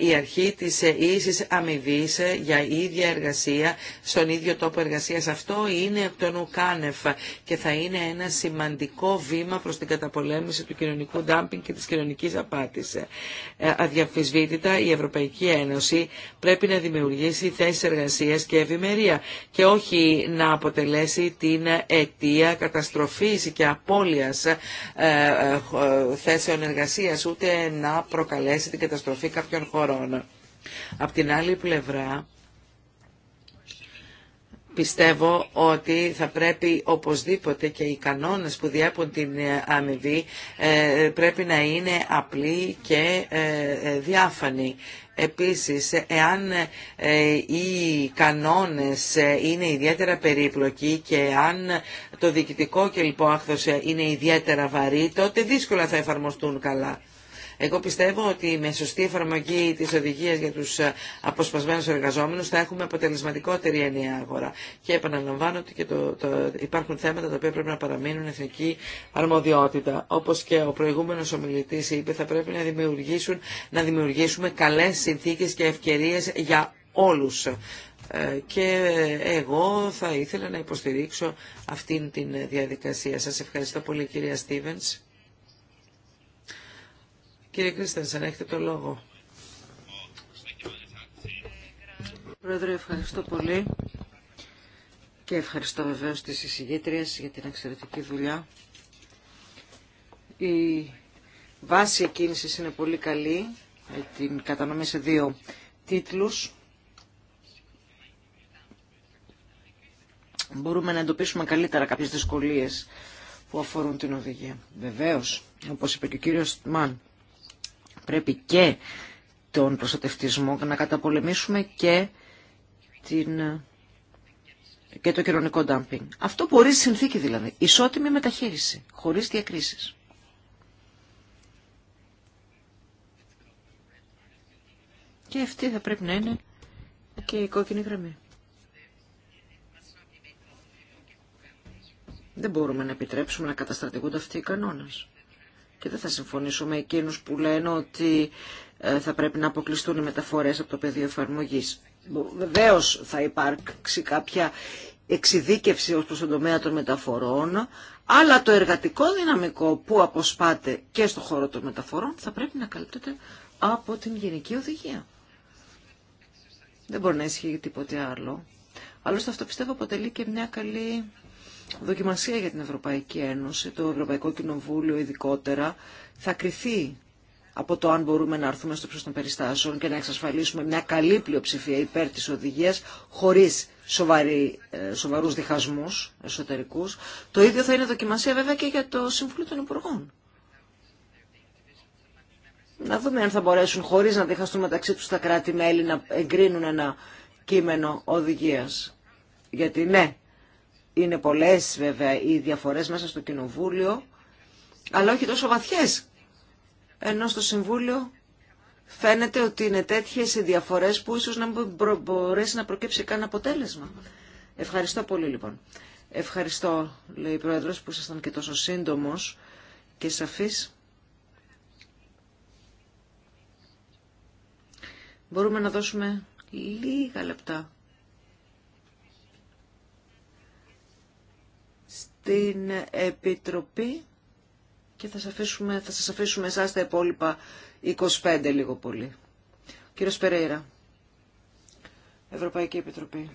η αρχή της ίση αμοιβή ε, για ίδια εργασία στον ίδιο τόπο εργασία. Αυτό είναι από τον Ουκάνεφ και θα είναι ένα σημαντικό βήμα προ την καταπολέμηση του κοινωνικού ντάμπινγκ και της κοινωνική απάτης. Ε, ε, Αδιαφυσβήτητα η Ευρωπαϊκή Ένωση πρέπει να δημιουργήσει θέσει εργασία και ευημερία και όχι να αποτελέσει την αιτία καταστροφή και απώλειας θέσεων εργασία ούτε να προκαλέσει την καταστροφή κάποιων χωρών. Απ' την άλλη πλευρά, πιστεύω ότι θα πρέπει οπωσδήποτε και οι κανόνες που διέπουν την ε, αμοιβή ε, πρέπει να είναι απλοί και ε, διάφανοι. Επίσης, εάν οι κανόνες είναι ιδιαίτερα περίπλοκοι και αν το διοικητικό και λοιπόν είναι ιδιαίτερα βαρύ, τότε δύσκολα θα εφαρμοστούν καλά. Εγώ πιστεύω ότι με σωστή εφαρμογή τη οδηγία για του ε, αποσπασμένου εργαζόμενου θα έχουμε αποτελεσματικότερη ενιαία αγορά. Και επαναλαμβάνω ότι το, υπάρχουν θέματα τα οποία πρέπει να παραμείνουν εθνική αρμοδιότητα. Όπω και ο προηγούμενο ομιλητή είπε, θα πρέπει να, δημιουργήσουν, να δημιουργήσουμε καλέ συνθήκε και ευκαιρίε για όλου. Ε, και εγώ θα ήθελα να υποστηρίξω αυτήν την διαδικασία. Σας ευχαριστώ πολύ κυρία Στίβενς. Κύριε αν έχετε το λόγο. Πρόεδρε, ευχαριστώ πολύ και ευχαριστώ βεβαίως τις εισηγήτριες για την εξαιρετική δουλειά. Η βάση εκκίνησης είναι πολύ καλή, την κατανομή σε δύο τίτλους. Μπορούμε να εντοπίσουμε καλύτερα κάποιες δυσκολίες που αφορούν την οδηγία. Βεβαίως, όπως είπε και ο κύριος Μαν, πρέπει και τον προστατευτισμό να καταπολεμήσουμε και, την, και το κοινωνικό ντάμπινγκ. Αυτό μπορεί συνθήκη δηλαδή. Ισότιμη μεταχείριση, χωρίς διακρίσεις. Και αυτή θα πρέπει να είναι και η κόκκινη γραμμή. Δεν μπορούμε να επιτρέψουμε να καταστρατηγούνται αυτοί οι κανόνες και δεν θα συμφωνήσω με εκείνους που λένε ότι ε, θα πρέπει να αποκλειστούν οι μεταφορές από το πεδίο εφαρμογή. Βεβαίω θα υπάρξει κάποια εξειδίκευση ως προς τον τομέα των μεταφορών, αλλά το εργατικό δυναμικό που αποσπάται και στο χώρο των μεταφορών θα πρέπει να καλύπτεται από την Γενική Οδηγία. Δεν μπορεί να ισχύει τίποτε άλλο. Άλλωστε αυτό πιστεύω αποτελεί και μια καλή δοκιμασία για την Ευρωπαϊκή Ένωση, το Ευρωπαϊκό Κοινοβούλιο ειδικότερα, θα κριθεί από το αν μπορούμε να έρθουμε στο ύψος των περιστάσεων και να εξασφαλίσουμε μια καλή πλειοψηφία υπέρ της οδηγίας χωρίς σοβαρού ε, σοβαρούς διχασμούς εσωτερικούς. Το ίδιο θα είναι δοκιμασία βέβαια και για το Συμβούλιο των Υπουργών. Να δούμε αν θα μπορέσουν χωρίς να διχαστούν μεταξύ τους τα κράτη-μέλη να εγκρίνουν ένα κείμενο οδηγίας. Γιατί ναι, είναι πολλές βέβαια οι διαφορές μέσα στο Κοινοβούλιο, αλλά όχι τόσο βαθιές. Ενώ στο Συμβούλιο φαίνεται ότι είναι τέτοιες οι διαφορές που ίσως να μπορέσει να προκύψει καν αποτέλεσμα. Ευχαριστώ πολύ λοιπόν. Ευχαριστώ, λέει η Πρόεδρος, που ήσασταν και τόσο σύντομος και σαφής. Μπορούμε να δώσουμε λίγα λεπτά την Επιτροπή και θα σας αφήσουμε, θα σας αφήσουμε εσάς τα υπόλοιπα 25 λίγο πολύ. Κύριος Περέιρα, Ευρωπαϊκή Επιτροπή.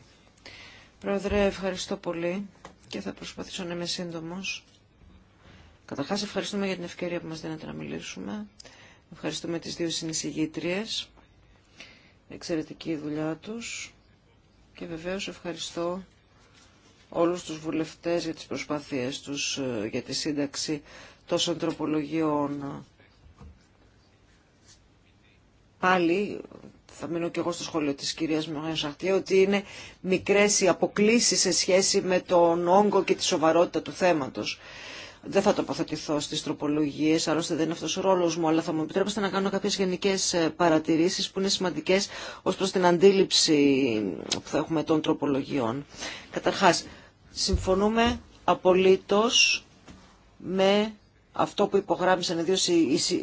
Πρόεδρε, ευχαριστώ πολύ και θα προσπαθήσω να είμαι σύντομος. Καταρχάς ευχαριστούμε για την ευκαιρία που μας δίνετε να μιλήσουμε. Ευχαριστούμε τις δύο συνεισηγήτριες. Εξαιρετική δουλειά τους. Και βεβαίως ευχαριστώ όλους τους βουλευτές για τις προσπάθειές τους ε, για τη σύνταξη τόσων τροπολογιών. Πάλι θα μείνω και εγώ στο σχόλιο της κυρίας Μωρέν Σαχτιέ ότι είναι μικρές οι αποκλήσεις σε σχέση με τον όγκο και τη σοβαρότητα του θέματος. Δεν θα τοποθετηθώ στις τροπολογίες, άλλωστε δεν είναι αυτός ο ρόλος μου, αλλά θα μου επιτρέψετε να κάνω κάποιες γενικές ε, παρατηρήσεις που είναι σημαντικές ως προς την αντίληψη που θα έχουμε των τροπολογιών. Καταρχάς, συμφωνούμε απολύτως με αυτό που υπογράμμισαν οι δύο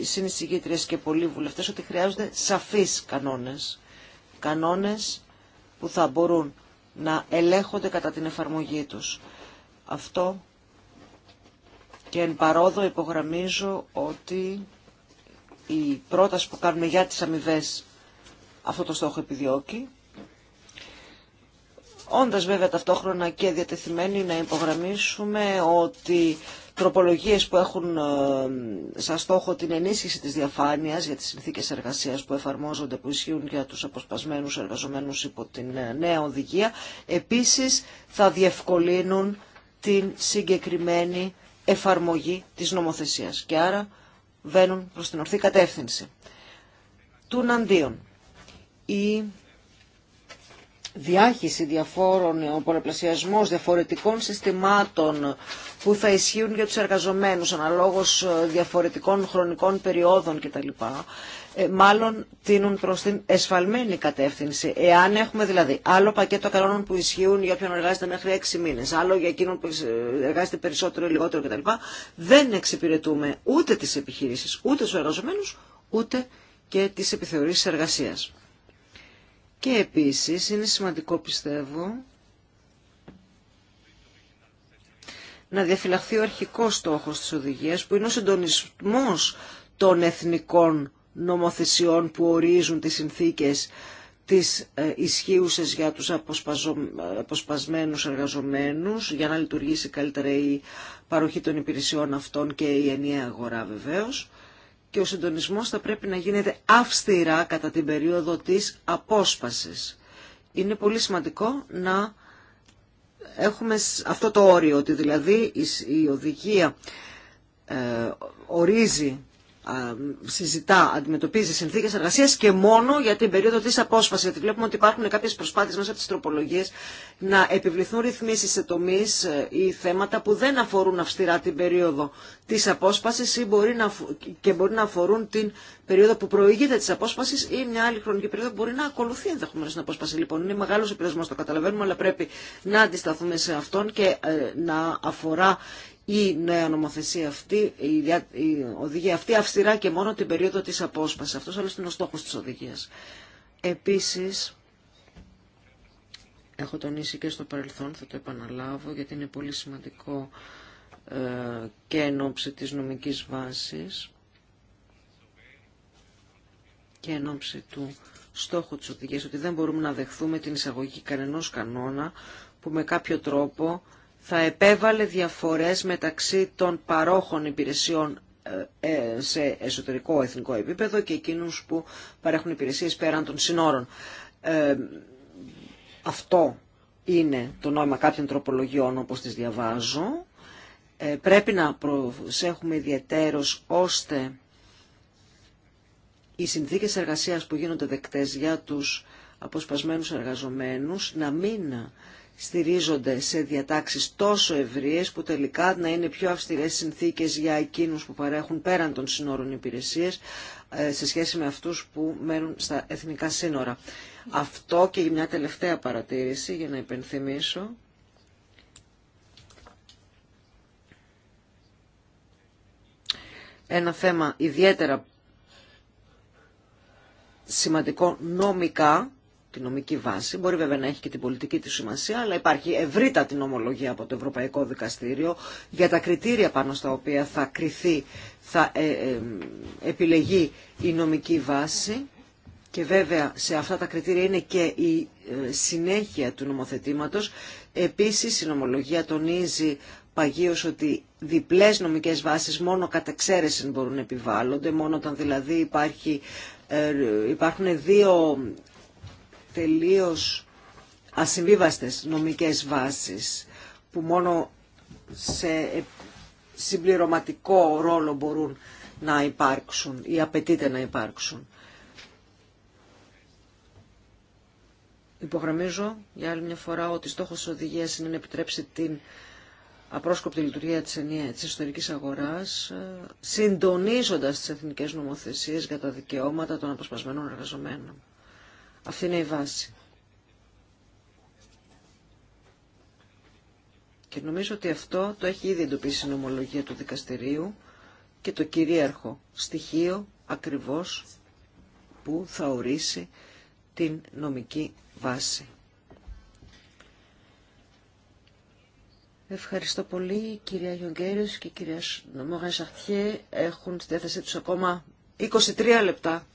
συνεισηγήτριες και πολλοί βουλευτές, ότι χρειάζονται σαφείς κανόνες. Κανόνες που θα μπορούν να ελέγχονται κατά την εφαρμογή τους. Αυτό και εν παρόδο υπογραμμίζω ότι η πρόταση που κάνουμε για τις αμοιβέ αυτό το στόχο επιδιώκει όντας βέβαια ταυτόχρονα και διατεθειμένοι να υπογραμμίσουμε ότι τροπολογίες που έχουν ε, σαν στόχο την ενίσχυση της διαφάνειας για τις συνθήκες εργασίας που εφαρμόζονται, που ισχύουν για τους αποσπασμένους εργαζομένους υπό την ε, νέα οδηγία, επίσης θα διευκολύνουν την συγκεκριμένη εφαρμογή της νομοθεσίας και άρα βαίνουν προς την ορθή κατεύθυνση. αντίον, η διάχυση διαφόρων, ο πολλαπλασιασμός διαφορετικών συστημάτων που θα ισχύουν για τους εργαζομένους αναλόγως ε, διαφορετικών χρονικών περιόδων κτλ. Ε, μάλλον τίνουν προς την εσφαλμένη κατεύθυνση. Εάν έχουμε δηλαδή άλλο πακέτο κανόνων που ισχύουν για όποιον εργάζεται μέχρι έξι μήνες, άλλο για εκείνον που εργάζεται περισσότερο ή λιγότερο κτλ. Δεν εξυπηρετούμε ούτε τις επιχειρήσεις, ούτε τους εργαζομένους, ούτε και τις επιθεωρήσεις εργασία. Και επίσης είναι σημαντικό πιστεύω να διαφυλαχθεί ο αρχικός στόχος της οδηγίας που είναι ο συντονισμός των εθνικών νομοθεσιών που ορίζουν τις συνθήκες τις ε, ισχύουσες για τους αποσπασμένους εργαζομένους για να λειτουργήσει καλύτερα η παροχή των υπηρεσιών αυτών και η ενιαία αγορά βεβαίως και ο συντονισμός θα πρέπει να γίνεται αυστηρά κατά την περίοδο της απόσπασης. Είναι πολύ σημαντικό να έχουμε αυτό το όριο, ότι δηλαδή η οδηγία ε, ορίζει συζητά, αντιμετωπίζει συνθήκε εργασία και μόνο για την περίοδο τη απόσπαση. Γιατί βλέπουμε ότι υπάρχουν κάποιε προσπάθειες μέσα από τι τροπολογίε να επιβληθούν ρυθμίσει σε τομεί ε, ή θέματα που δεν αφορούν αυστηρά την περίοδο τη απόσπαση και μπορεί να αφορούν την περίοδο που προηγείται τη απόσπαση ή μια άλλη χρονική περίοδο που μπορεί να ακολουθεί ενδεχομένω την απόσπαση. Λοιπόν, είναι μεγάλος επιδεσμό, το καταλαβαίνουμε, αλλά πρέπει να αντισταθούμε σε αυτόν και ε, να αφορά η νέα νομοθεσία αυτή, η οδηγία αυτή αυστηρά και μόνο την περίοδο της απόσπασης. Αυτός όλος είναι ο στόχος της οδηγίας. Επίσης, έχω τονίσει και στο παρελθόν, θα το επαναλάβω, γιατί είναι πολύ σημαντικό ε, και εν ώψη της νομικής βάσης και εν ώψη του στόχου της οδηγίας, ότι δεν μπορούμε να δεχθούμε την εισαγωγή κανενός κανόνα που με κάποιο τρόπο θα επέβαλε διαφορές μεταξύ των παρόχων υπηρεσιών ε, ε, σε εσωτερικό εθνικό επίπεδο και εκείνους που παρέχουν υπηρεσίες πέραν των συνόρων. Ε, αυτό είναι το νόημα κάποιων τροπολογιών όπως τις διαβάζω. πρέπει να προσέχουμε ιδιαίτερος ώστε οι συνθήκες εργασίας που γίνονται δεκτές για τους αποσπασμένους εργαζομένους να μην στηρίζονται σε διατάξεις τόσο ευρείες που τελικά να είναι πιο αυστηρές συνθήκες για εκείνους που παρέχουν πέραν των συνόρων υπηρεσίες ε, σε σχέση με αυτούς που μένουν στα εθνικά σύνορα. Αυτό και μια τελευταία παρατήρηση για να υπενθυμίσω. Ένα θέμα ιδιαίτερα σημαντικό νομικά τη νομική βάση. Μπορεί βέβαια να έχει και την πολιτική τη σημασία, αλλά υπάρχει ευρύτατη νομολογία από το Ευρωπαϊκό Δικαστήριο για τα κριτήρια πάνω στα οποία θα κριθεί, θα ε, ε, επιλεγεί η νομική βάση. Και βέβαια σε αυτά τα κριτήρια είναι και η ε, συνέχεια του νομοθετήματος. Επίσης η νομολογία τονίζει παγίως ότι διπλές νομικές βάσεις μόνο κατά εξαίρεση μπορούν να επιβάλλονται, μόνο όταν δηλαδή υπάρχει, υπάρχουν δύο τελείως ασυμβίβαστες νομικές βάσεις που μόνο σε συμπληρωματικό ρόλο μπορούν να υπάρξουν ή απαιτείται να υπάρξουν. Υπογραμμίζω για άλλη μια φορά ότι στόχος της οδηγίας είναι να επιτρέψει την απρόσκοπτη λειτουργία της, ενιαία, της ιστορικής αγοράς, συντονίζοντας τις εθνικές νομοθεσίες για τα δικαιώματα των αποσπασμένων εργαζομένων. Αυτή είναι η βάση. Και νομίζω ότι αυτό το έχει ήδη εντοπίσει η νομολογία του δικαστηρίου και το κυρίαρχο στοιχείο ακριβώς που θα ορίσει την νομική βάση. Ευχαριστώ πολύ κυρία Γιονγκέριος και κυρία Μογαν Έχουν στη διάθεσή τους ακόμα 23 λεπτά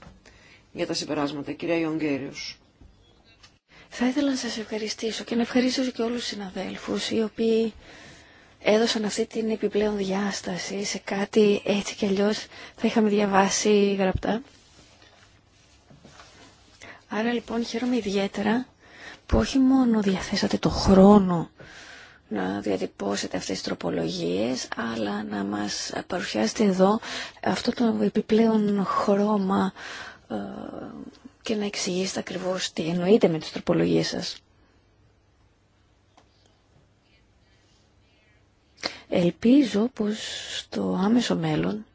για τα συμπεράσματα. Κυρία Ιονγκέριος. Θα ήθελα να σας ευχαριστήσω και να ευχαριστήσω και όλους τους συναδέλφους οι οποίοι έδωσαν αυτή την επιπλέον διάσταση σε κάτι έτσι κι αλλιώς θα είχαμε διαβάσει γραπτά. Άρα λοιπόν χαίρομαι ιδιαίτερα που όχι μόνο διαθέσατε το χρόνο να διατυπώσετε αυτές τις τροπολογίες, αλλά να μας παρουσιάσετε εδώ αυτό το επιπλέον χρώμα ε, και να εξηγήσετε ακριβώς τι εννοείτε με τις τροπολογίες σας. Ελπίζω πως στο άμεσο μέλλον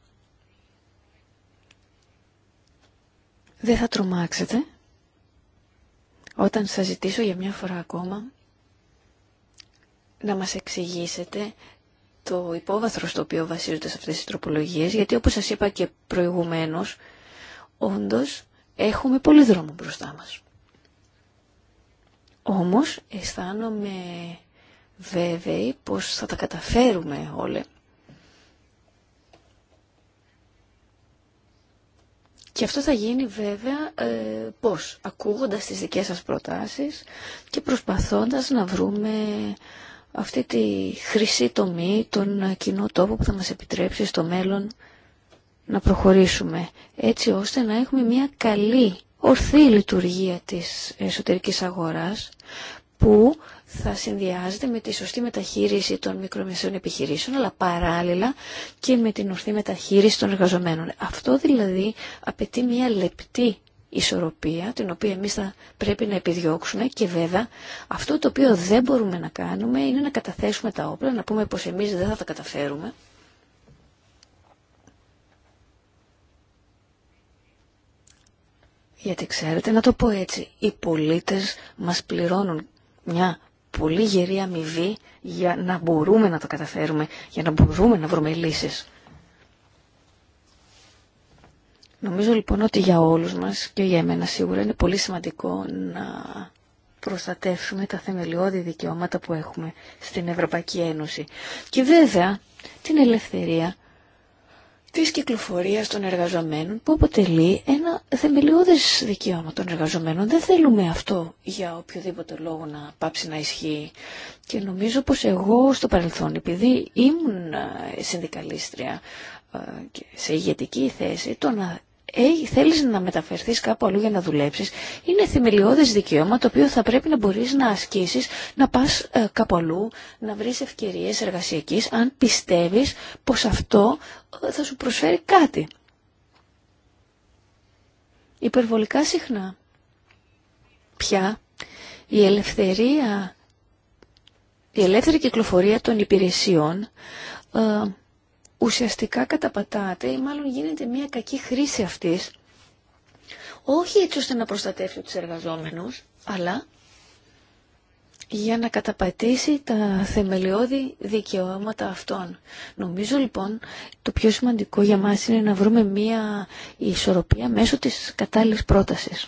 δεν θα τρομάξετε όταν σας ζητήσω για μια φορά ακόμα να μας εξηγήσετε το υπόβαθρο στο οποίο βασίζονται σε αυτές τις τροπολογίες, γιατί όπως σας είπα και προηγουμένως, Όντως, έχουμε πολύ δρόμο μπροστά μας. Όμως, αισθάνομαι βέβαιη πως θα τα καταφέρουμε όλα. Και αυτό θα γίνει βέβαια ε, πώς, ακούγοντας τις δικές σας προτάσεις και προσπαθώντας να βρούμε αυτή τη χρυσή τομή, τον κοινό τόπο που θα μας επιτρέψει στο μέλλον να προχωρήσουμε έτσι ώστε να έχουμε μια καλή, ορθή λειτουργία της εσωτερικής αγοράς που θα συνδυάζεται με τη σωστή μεταχείριση των μικρομεσαίων επιχειρήσεων, αλλά παράλληλα και με την ορθή μεταχείριση των εργαζομένων. Αυτό δηλαδή απαιτεί μια λεπτή ισορροπία, την οποία εμείς θα πρέπει να επιδιώξουμε και βέβαια αυτό το οποίο δεν μπορούμε να κάνουμε είναι να καταθέσουμε τα όπλα, να πούμε πως εμείς δεν θα τα καταφέρουμε Γιατί ξέρετε, να το πω έτσι, οι πολίτες μας πληρώνουν μια πολύ γερή αμοιβή για να μπορούμε να το καταφέρουμε, για να μπορούμε να βρούμε λύσεις. Νομίζω λοιπόν ότι για όλους μας και για εμένα σίγουρα είναι πολύ σημαντικό να προστατεύσουμε τα θεμελιώδη δικαιώματα που έχουμε στην Ευρωπαϊκή Ένωση. Και βέβαια την ελευθερία της κυκλοφορίας των εργαζομένων που αποτελεί ένα θεμελιώδες δικαίωμα των εργαζομένων. Δεν θέλουμε αυτό για οποιοδήποτε λόγο να πάψει να ισχύει. Και νομίζω πως εγώ στο παρελθόν, επειδή ήμουν ε, συνδικαλίστρια ε, σε ηγετική θέση, το να ε, θέλεις να μεταφερθείς κάπου αλλού για να δουλέψει, είναι θεμελιώδε δικαίωμα το οποίο θα πρέπει να μπορεί να ασκήσεις, να πας ε, κάπου αλλού, να βρει ευκαιρίες εργασιακή. αν πιστεύεις πως αυτό ε, θα σου προσφέρει κάτι. Υπερβολικά συχνά. Πια η ελευθερία, η ελεύθερη κυκλοφορία των υπηρεσιών ε, ουσιαστικά καταπατάτε ή μάλλον γίνεται μια κακή χρήση αυτής, όχι έτσι ώστε να προστατεύσει τους εργαζόμενους, αλλά για να καταπατήσει τα θεμελιώδη δικαιώματα αυτών. Νομίζω λοιπόν το πιο σημαντικό για μας είναι να βρούμε μία ισορροπία μέσω της κατάλληλης πρότασης.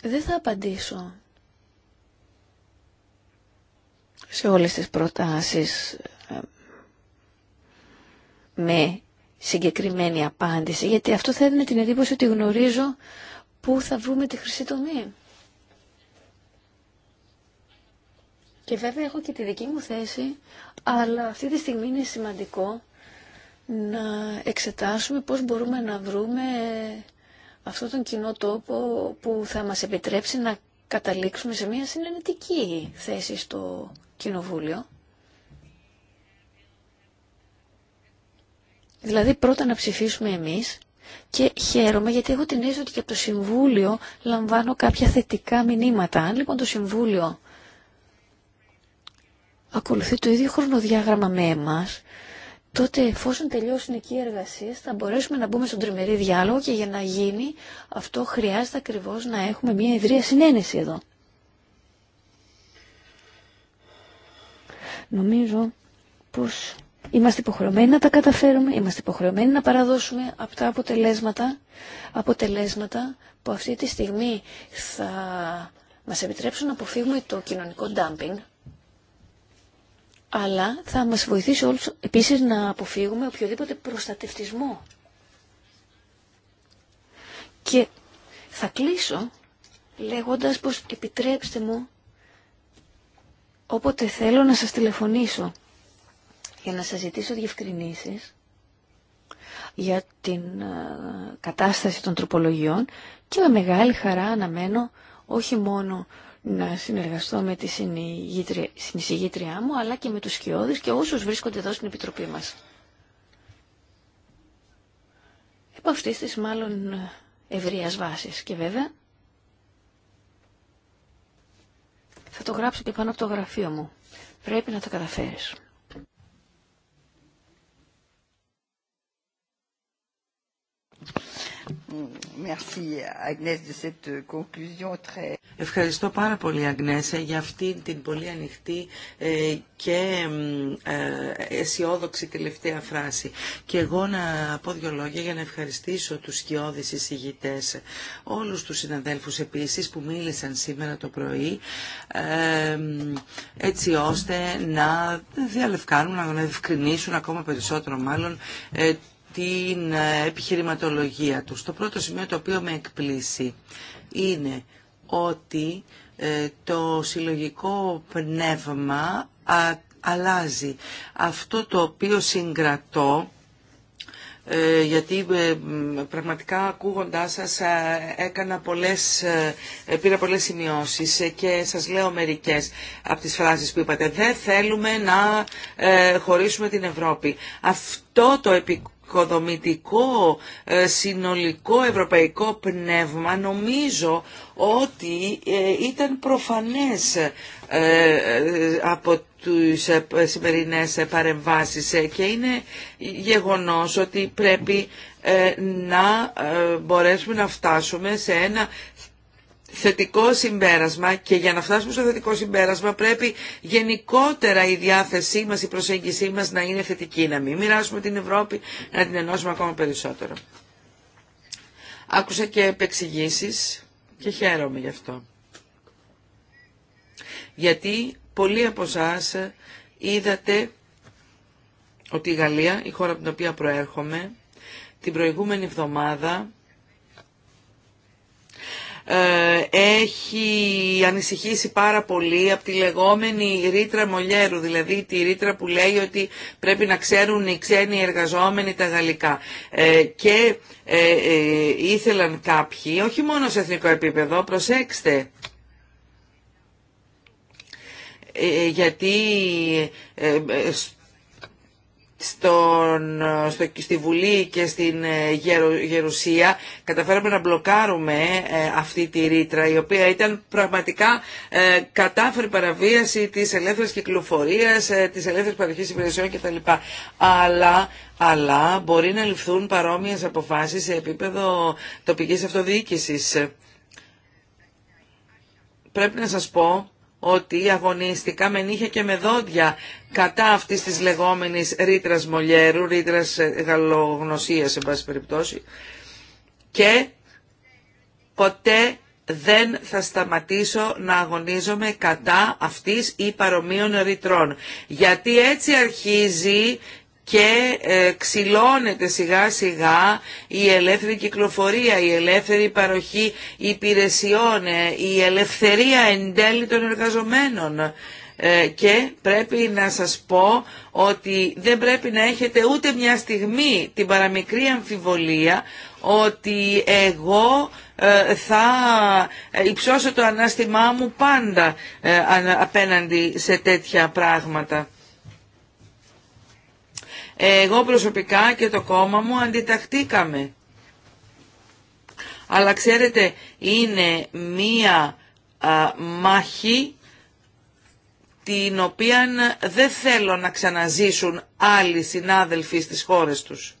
Δεν θα απαντήσω σε όλες τις προτάσεις ε, με συγκεκριμένη απάντηση, γιατί αυτό θα έδινε την εντύπωση ότι γνωρίζω πού θα βρούμε τη χρυσή τομή. Και βέβαια έχω και τη δική μου θέση, αλλά αυτή τη στιγμή είναι σημαντικό να εξετάσουμε πώς μπορούμε να βρούμε αυτό τον κοινό τόπο που θα μας επιτρέψει να καταλήξουμε σε μια συνενετική θέση στο Κοινοβούλιο. Δηλαδή πρώτα να ψηφίσουμε εμείς και χαίρομαι γιατί έχω την αίσθηση ότι και από το Συμβούλιο λαμβάνω κάποια θετικά μηνύματα. Αν λοιπόν το Συμβούλιο ακολουθεί το ίδιο χρονοδιάγραμμα με εμάς, τότε εφόσον τελειώσουν εκεί οι εργασίες θα μπορέσουμε να μπούμε στον τριμερή διάλογο και για να γίνει αυτό χρειάζεται ακριβώ να έχουμε μια ιδρία συνένεση εδώ. Νομίζω πως είμαστε υποχρεωμένοι να τα καταφέρουμε, είμαστε υποχρεωμένοι να παραδώσουμε από τα αποτελέσματα, αποτελέσματα που αυτή τη στιγμή θα μας επιτρέψουν να αποφύγουμε το κοινωνικό ντάμπινγκ, αλλά θα μας βοηθήσει όλους επίσης να αποφύγουμε οποιοδήποτε προστατευτισμό. Και θα κλείσω λέγοντας πως επιτρέψτε μου Όποτε θέλω να σας τηλεφωνήσω για να σας ζητήσω διευκρινήσεις για την ε, κατάσταση των τροπολογιών και με μεγάλη χαρά αναμένω όχι μόνο να συνεργαστώ με τη συνεισηγήτριά μου αλλά και με τους σκιώδεις και όσους βρίσκονται εδώ στην Επιτροπή μας. Επ' αυτής της μάλλον ε, ευρείας βάσης και βέβαια Θα το γράψω και πάνω από το γραφείο μου. Πρέπει να το καταφέρεις. Euh, Ευχαριστώ πάρα πολύ Αγνέσα για αυτή την πολύ ανοιχτή ε, και ε, αισιόδοξη τελευταία φράση. Και εγώ να πω δύο λόγια για να ευχαριστήσω τους σκιώδεις εισηγητές, όλους τους συναδέλφους επίσης που μίλησαν σήμερα το πρωί, ε, έτσι ώστε να διαλευκάνουν, να διευκρινίσουν ακόμα περισσότερο μάλλον την ε, επιχειρηματολογία τους. Το πρώτο σημείο το οποίο με εκπλήσει είναι ότι ε, το συλλογικό πνεύμα αλλάζει. Αυτό το οποίο συγκρατώ ε, γιατί πραγματικά ακούγοντάς σας έκανα πολλές, πήρα πολλές σημειώσεις και σας λέω μερικές από τις φράσεις που είπατε. Δεν θέλουμε να χωρίσουμε την Ευρώπη. Αυτό το επικ οικοδομητικό ε, συνολικό ευρωπαϊκό πνεύμα νομίζω ότι ε, ήταν προφανές ε, από τις σημερινές παρεμβάσεις και είναι γεγονός ότι πρέπει να μπορέσουμε να φτάσουμε σε ένα θετικό συμπέρασμα και για να φτάσουμε στο θετικό συμπέρασμα πρέπει γενικότερα η διάθεσή μας, η προσέγγισή μας να είναι θετική, να μην μοιράσουμε την Ευρώπη, να την ενώσουμε ακόμα περισσότερο. Άκουσα και επεξηγήσεις και χαίρομαι γι' αυτό. Γιατί πολλοί από εσά είδατε ότι η Γαλλία, η χώρα από την οποία προέρχομαι, την προηγούμενη εβδομάδα ε, έχει ανησυχήσει πάρα πολύ από τη λεγόμενη ρήτρα μολιέρου, δηλαδή τη ρήτρα που λέει ότι πρέπει να ξέρουν οι ξένοι εργαζόμενοι τα γαλλικά. Ε, και ε, ήθελαν κάποιοι, όχι μόνο σε εθνικό επίπεδο, προσέξτε, γιατί στον, στο, στη Βουλή και στην ε, Γερουσία καταφέραμε να μπλοκάρουμε ε, αυτή τη ρήτρα η οποία ήταν πραγματικά ε, κατάφερη παραβίαση της ελεύθερης κυκλοφορίας, της ελεύθερης παροχής υπηρεσιών κτλ. Αλλά αλλά μπορεί να ληφθούν παρόμοιες αποφάσεις σε επίπεδο τοπικής αυτοδιοίκησης. Πρέπει να σας πω ότι αγωνίστηκα με νύχια και με δόντια κατά αυτής της λεγόμενης ρήτρα μολιέρου, ρήτρα ε, γαλλογνωσίας σε πάση περιπτώσει και ποτέ δεν θα σταματήσω να αγωνίζομαι κατά αυτής ή παρομοίων ρητρών. Γιατί έτσι αρχίζει και ε, ξυλώνεται σιγά σιγά η ελεύθερη κυκλοφορία, η ελεύθερη παροχή υπηρεσιών, ε, η ελευθερία εν τέλει των εργαζομένων. Ε, και πρέπει να σας πω ότι δεν πρέπει να έχετε ούτε μια στιγμή την παραμικρή αμφιβολία ότι εγώ θα υψώσω το ανάστημά μου πάντα απέναντι σε τέτοια πράγματα. Εγώ προσωπικά και το κόμμα μου αντιταχτήκαμε. Αλλά ξέρετε, είναι μία μάχη την οποία δεν θέλω να ξαναζήσουν άλλοι συνάδελφοι στις χώρες τους.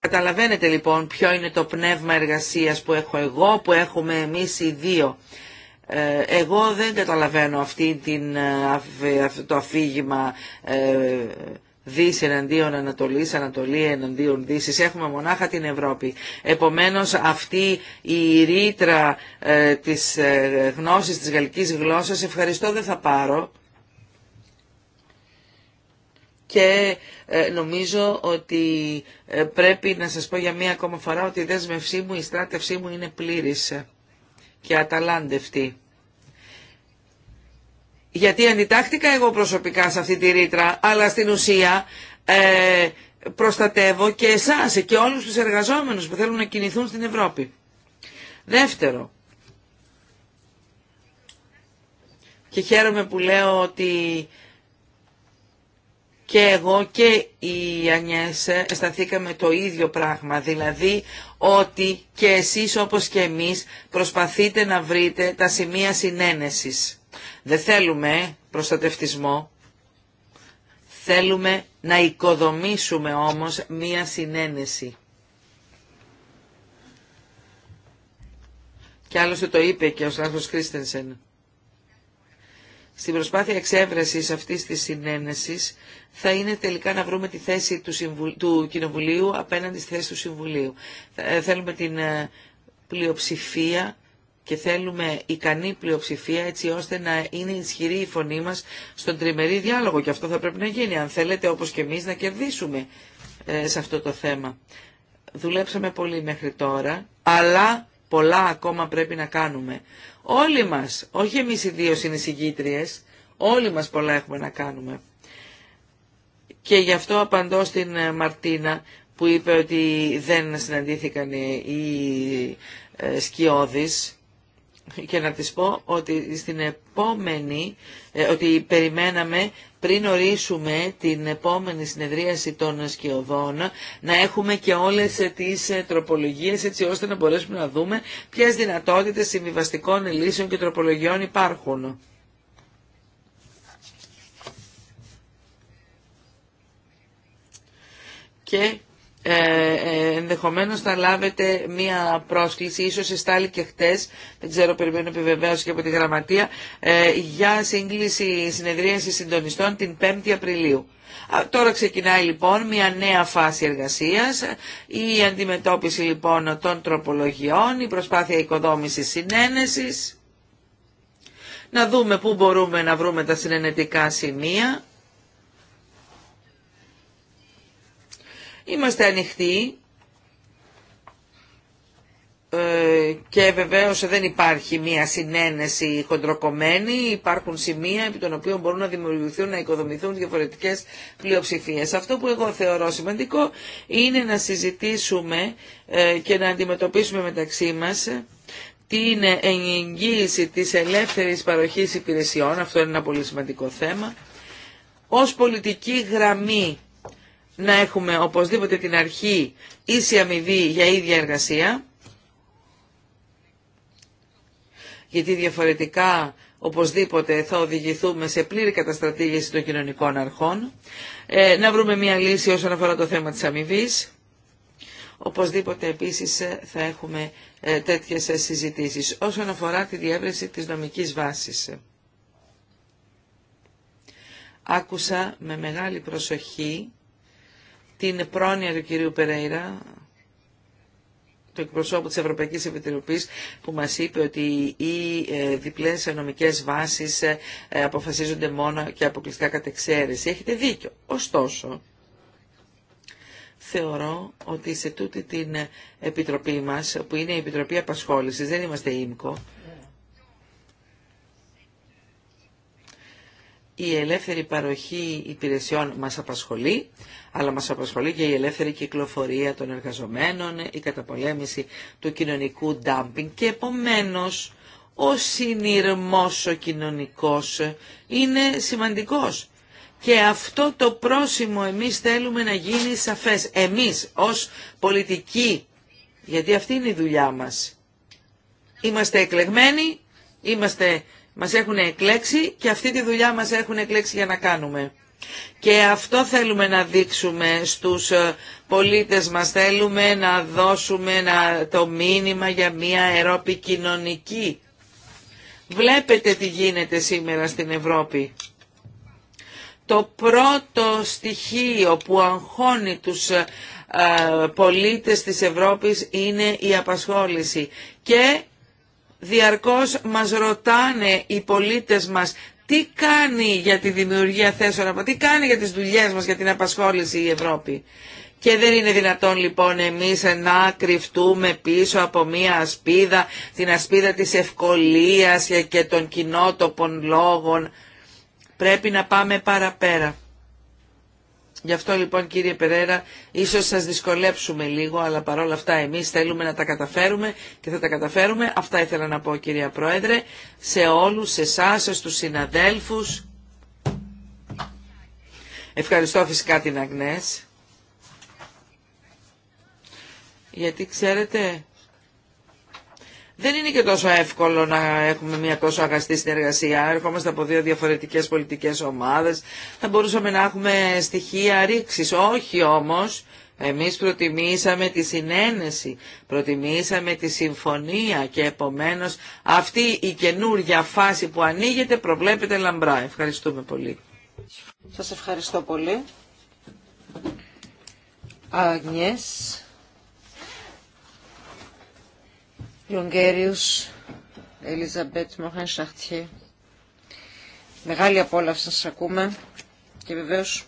Καταλαβαίνετε λοιπόν ποιο είναι το πνεύμα εργασίας που έχω εγώ, που έχουμε εμείς οι δύο. Ε, εγώ δεν καταλαβαίνω αυτή την, ε, το αφήγημα ε, Δύση εναντίον Ανατολή, Ανατολή εναντίον Δύση. Έχουμε μονάχα την Ευρώπη. Επομένω αυτή η ρήτρα ε, τη ε, γνώση τη γαλλική γλώσσα ευχαριστώ δεν θα πάρω. Και ε, νομίζω ότι πρέπει να σας πω για μία ακόμα φορά ότι η δέσμευσή μου, η στράτευσή μου είναι πλήρης και αταλάντευτη. Γιατί αντιτάχτηκα εγώ προσωπικά σε αυτή τη ρήτρα, αλλά στην ουσία ε, προστατεύω και εσάς και όλους τους εργαζόμενους που θέλουν να κινηθούν στην Ευρώπη. Δεύτερο, και χαίρομαι που λέω ότι και εγώ και η Ανιές αισθανθήκαμε το ίδιο πράγμα, δηλαδή ότι και εσείς όπως και εμείς προσπαθείτε να βρείτε τα σημεία συνένεσης. Δεν θέλουμε προστατευτισμό, θέλουμε να οικοδομήσουμε όμως μία συνένεση. Και άλλωστε το είπε και ο Σράφος Κρίστενσεν στην προσπάθεια εξέβρασης αυτής της συνένεσης θα είναι τελικά να βρούμε τη θέση του, του Κοινοβουλίου απέναντι στη θέση του Συμβουλίου. Ε, θέλουμε την ε, πλειοψηφία και θέλουμε ικανή πλειοψηφία έτσι ώστε να είναι ισχυρή η φωνή μας στον τριμερή διάλογο και αυτό θα πρέπει να γίνει αν θέλετε όπως και εμείς να κερδίσουμε ε, σε αυτό το θέμα. Δουλέψαμε πολύ μέχρι τώρα αλλά πολλά ακόμα πρέπει να κάνουμε. Όλοι μας, όχι εμείς οι δύο συνεισηγήτριες, όλοι μας πολλά έχουμε να κάνουμε. Και γι' αυτό απαντώ στην ε, Μαρτίνα που είπε ότι δεν συναντήθηκαν οι ε, σκιώδεις και να της πω ότι στην επόμενη, ε, ότι περιμέναμε πριν ορίσουμε την επόμενη συνεδρίαση των σκιωδών να έχουμε και όλες τις ε, τροπολογίες έτσι ώστε να μπορέσουμε να δούμε ποιες δυνατότητες συμβιβαστικών λύσεων και τροπολογιών υπάρχουν. Και ε, ε, ενδεχομένως θα λάβετε μία πρόσκληση, ίσως εστάλει και χτες, δεν ξέρω, περιμένω επιβεβαίωση και από τη γραμματεία, ε, για σύγκληση συνεδρίαση συντονιστών την 5η Απριλίου. Τώρα ξεκινάει λοιπόν μια νέα φάση εργασίας, η αντιμετώπιση λοιπόν των τροπολογιών, η προσπάθεια οικοδόμησης συνένεσης, να δούμε πού μπορούμε να βρούμε τα συνενετικά σημεία Είμαστε ανοιχτοί ε, και βεβαίως δεν υπάρχει μία συνένεση χοντροκομμένη, υπάρχουν σημεία επί των οποίων μπορούν να δημιουργηθούν, να οικοδομηθούν διαφορετικές πλειοψηφίες. Αυτό που εγώ θεωρώ σημαντικό είναι να συζητήσουμε ε, και να αντιμετωπίσουμε μεταξύ μας την εγγύηση της ελεύθερης παροχής υπηρεσιών, αυτό είναι ένα πολύ σημαντικό θέμα, ως πολιτική γραμμή να έχουμε οπωσδήποτε την αρχή ίση αμοιβή για ίδια εργασία, γιατί διαφορετικά οπωσδήποτε θα οδηγηθούμε σε πλήρη καταστρατήγηση των κοινωνικών αρχών, ε, να βρούμε μια λύση όσον αφορά το θέμα της αμοιβή. Οπωσδήποτε επίσης θα έχουμε ε, τέτοιες συζητήσεις όσον αφορά τη διεύρυνση της νομικής βάσης. Άκουσα με μεγάλη προσοχή την πρόνοια του κυρίου Περέιρα, του εκπροσώπου της Ευρωπαϊκής Επιτροπής που μας είπε ότι οι ε, διπλές νομικές βάσεις ε, ε, αποφασίζονται μόνο και αποκλειστικά κατ' εξαίρεση. Έχετε δίκιο. Ωστόσο, θεωρώ ότι σε τούτη την Επιτροπή μας, που είναι η Επιτροπή Απασχόλησης, δεν είμαστε ΙΜΚΟ, η ελεύθερη παροχή υπηρεσιών μας απασχολεί αλλά μας απασχολεί και η ελεύθερη κυκλοφορία των εργαζομένων, η καταπολέμηση του κοινωνικού ντάμπινγκ και επομένως ο συνειρμός ο κοινωνικός είναι σημαντικός. Και αυτό το πρόσημο εμείς θέλουμε να γίνει σαφές. Εμείς ως πολιτικοί, γιατί αυτή είναι η δουλειά μας. Είμαστε εκλεγμένοι, είμαστε, μας έχουν εκλέξει και αυτή τη δουλειά μας έχουν εκλέξει για να κάνουμε. Και αυτό θέλουμε να δείξουμε στους ε, πολίτες μας. Θέλουμε να δώσουμε το μήνυμα για μια Ευρώπη κοινωνική. Βλέπετε τι γίνεται σήμερα στην Ευρώπη. Το πρώτο στοιχείο που αγχώνει τους ε, ε, πολίτες της Ευρώπης είναι η απασχόληση. Και διαρκώς μας ρωτάνε οι πολίτες μας τι κάνει για τη δημιουργία θέσεων, τι κάνει για τις δουλειές μας, για την απασχόληση η Ευρώπη. Και δεν είναι δυνατόν λοιπόν εμείς να κρυφτούμε πίσω από μία ασπίδα, την ασπίδα της ευκολίας και των κοινότοπων λόγων. Πρέπει να πάμε παραπέρα. Γι' αυτό λοιπόν κύριε Περέρα ίσως σας δυσκολέψουμε λίγο αλλά παρόλα αυτά εμείς θέλουμε να τα καταφέρουμε και θα τα καταφέρουμε. Αυτά ήθελα να πω κυρία Πρόεδρε σε όλους, σε εσάς, στους συναδέλφους. Ευχαριστώ φυσικά την Αγνές. Γιατί ξέρετε δεν είναι και τόσο εύκολο να έχουμε μια τόσο αγαστή συνεργασία. Έρχομαστε από δύο διαφορετικές πολιτικές ομάδες. Θα μπορούσαμε να έχουμε στοιχεία ρήξης. Όχι όμως. Εμείς προτιμήσαμε τη συνένεση, προτιμήσαμε τη συμφωνία και επομένως αυτή η καινούργια φάση που ανοίγεται προβλέπεται λαμπρά. Ευχαριστούμε πολύ. Σας ευχαριστώ πολύ. Αγνιές. Ελίζα Ελίζαμπετ Μοχάν Σαχτιέ. Μεγάλη απόλαυση να σας ακούμε και βεβαίως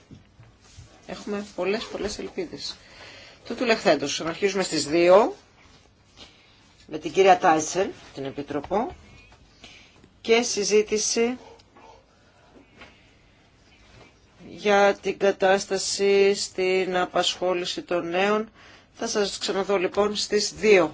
έχουμε πολλές πολλές ελπίδες. Τούτου λεχθέντος, αρχίζουμε στις 2 με την κυρία Τάισελ, την Επιτροπό και συζήτηση για την κατάσταση στην απασχόληση των νέων. Θα σας ξαναδώ λοιπόν στις 2.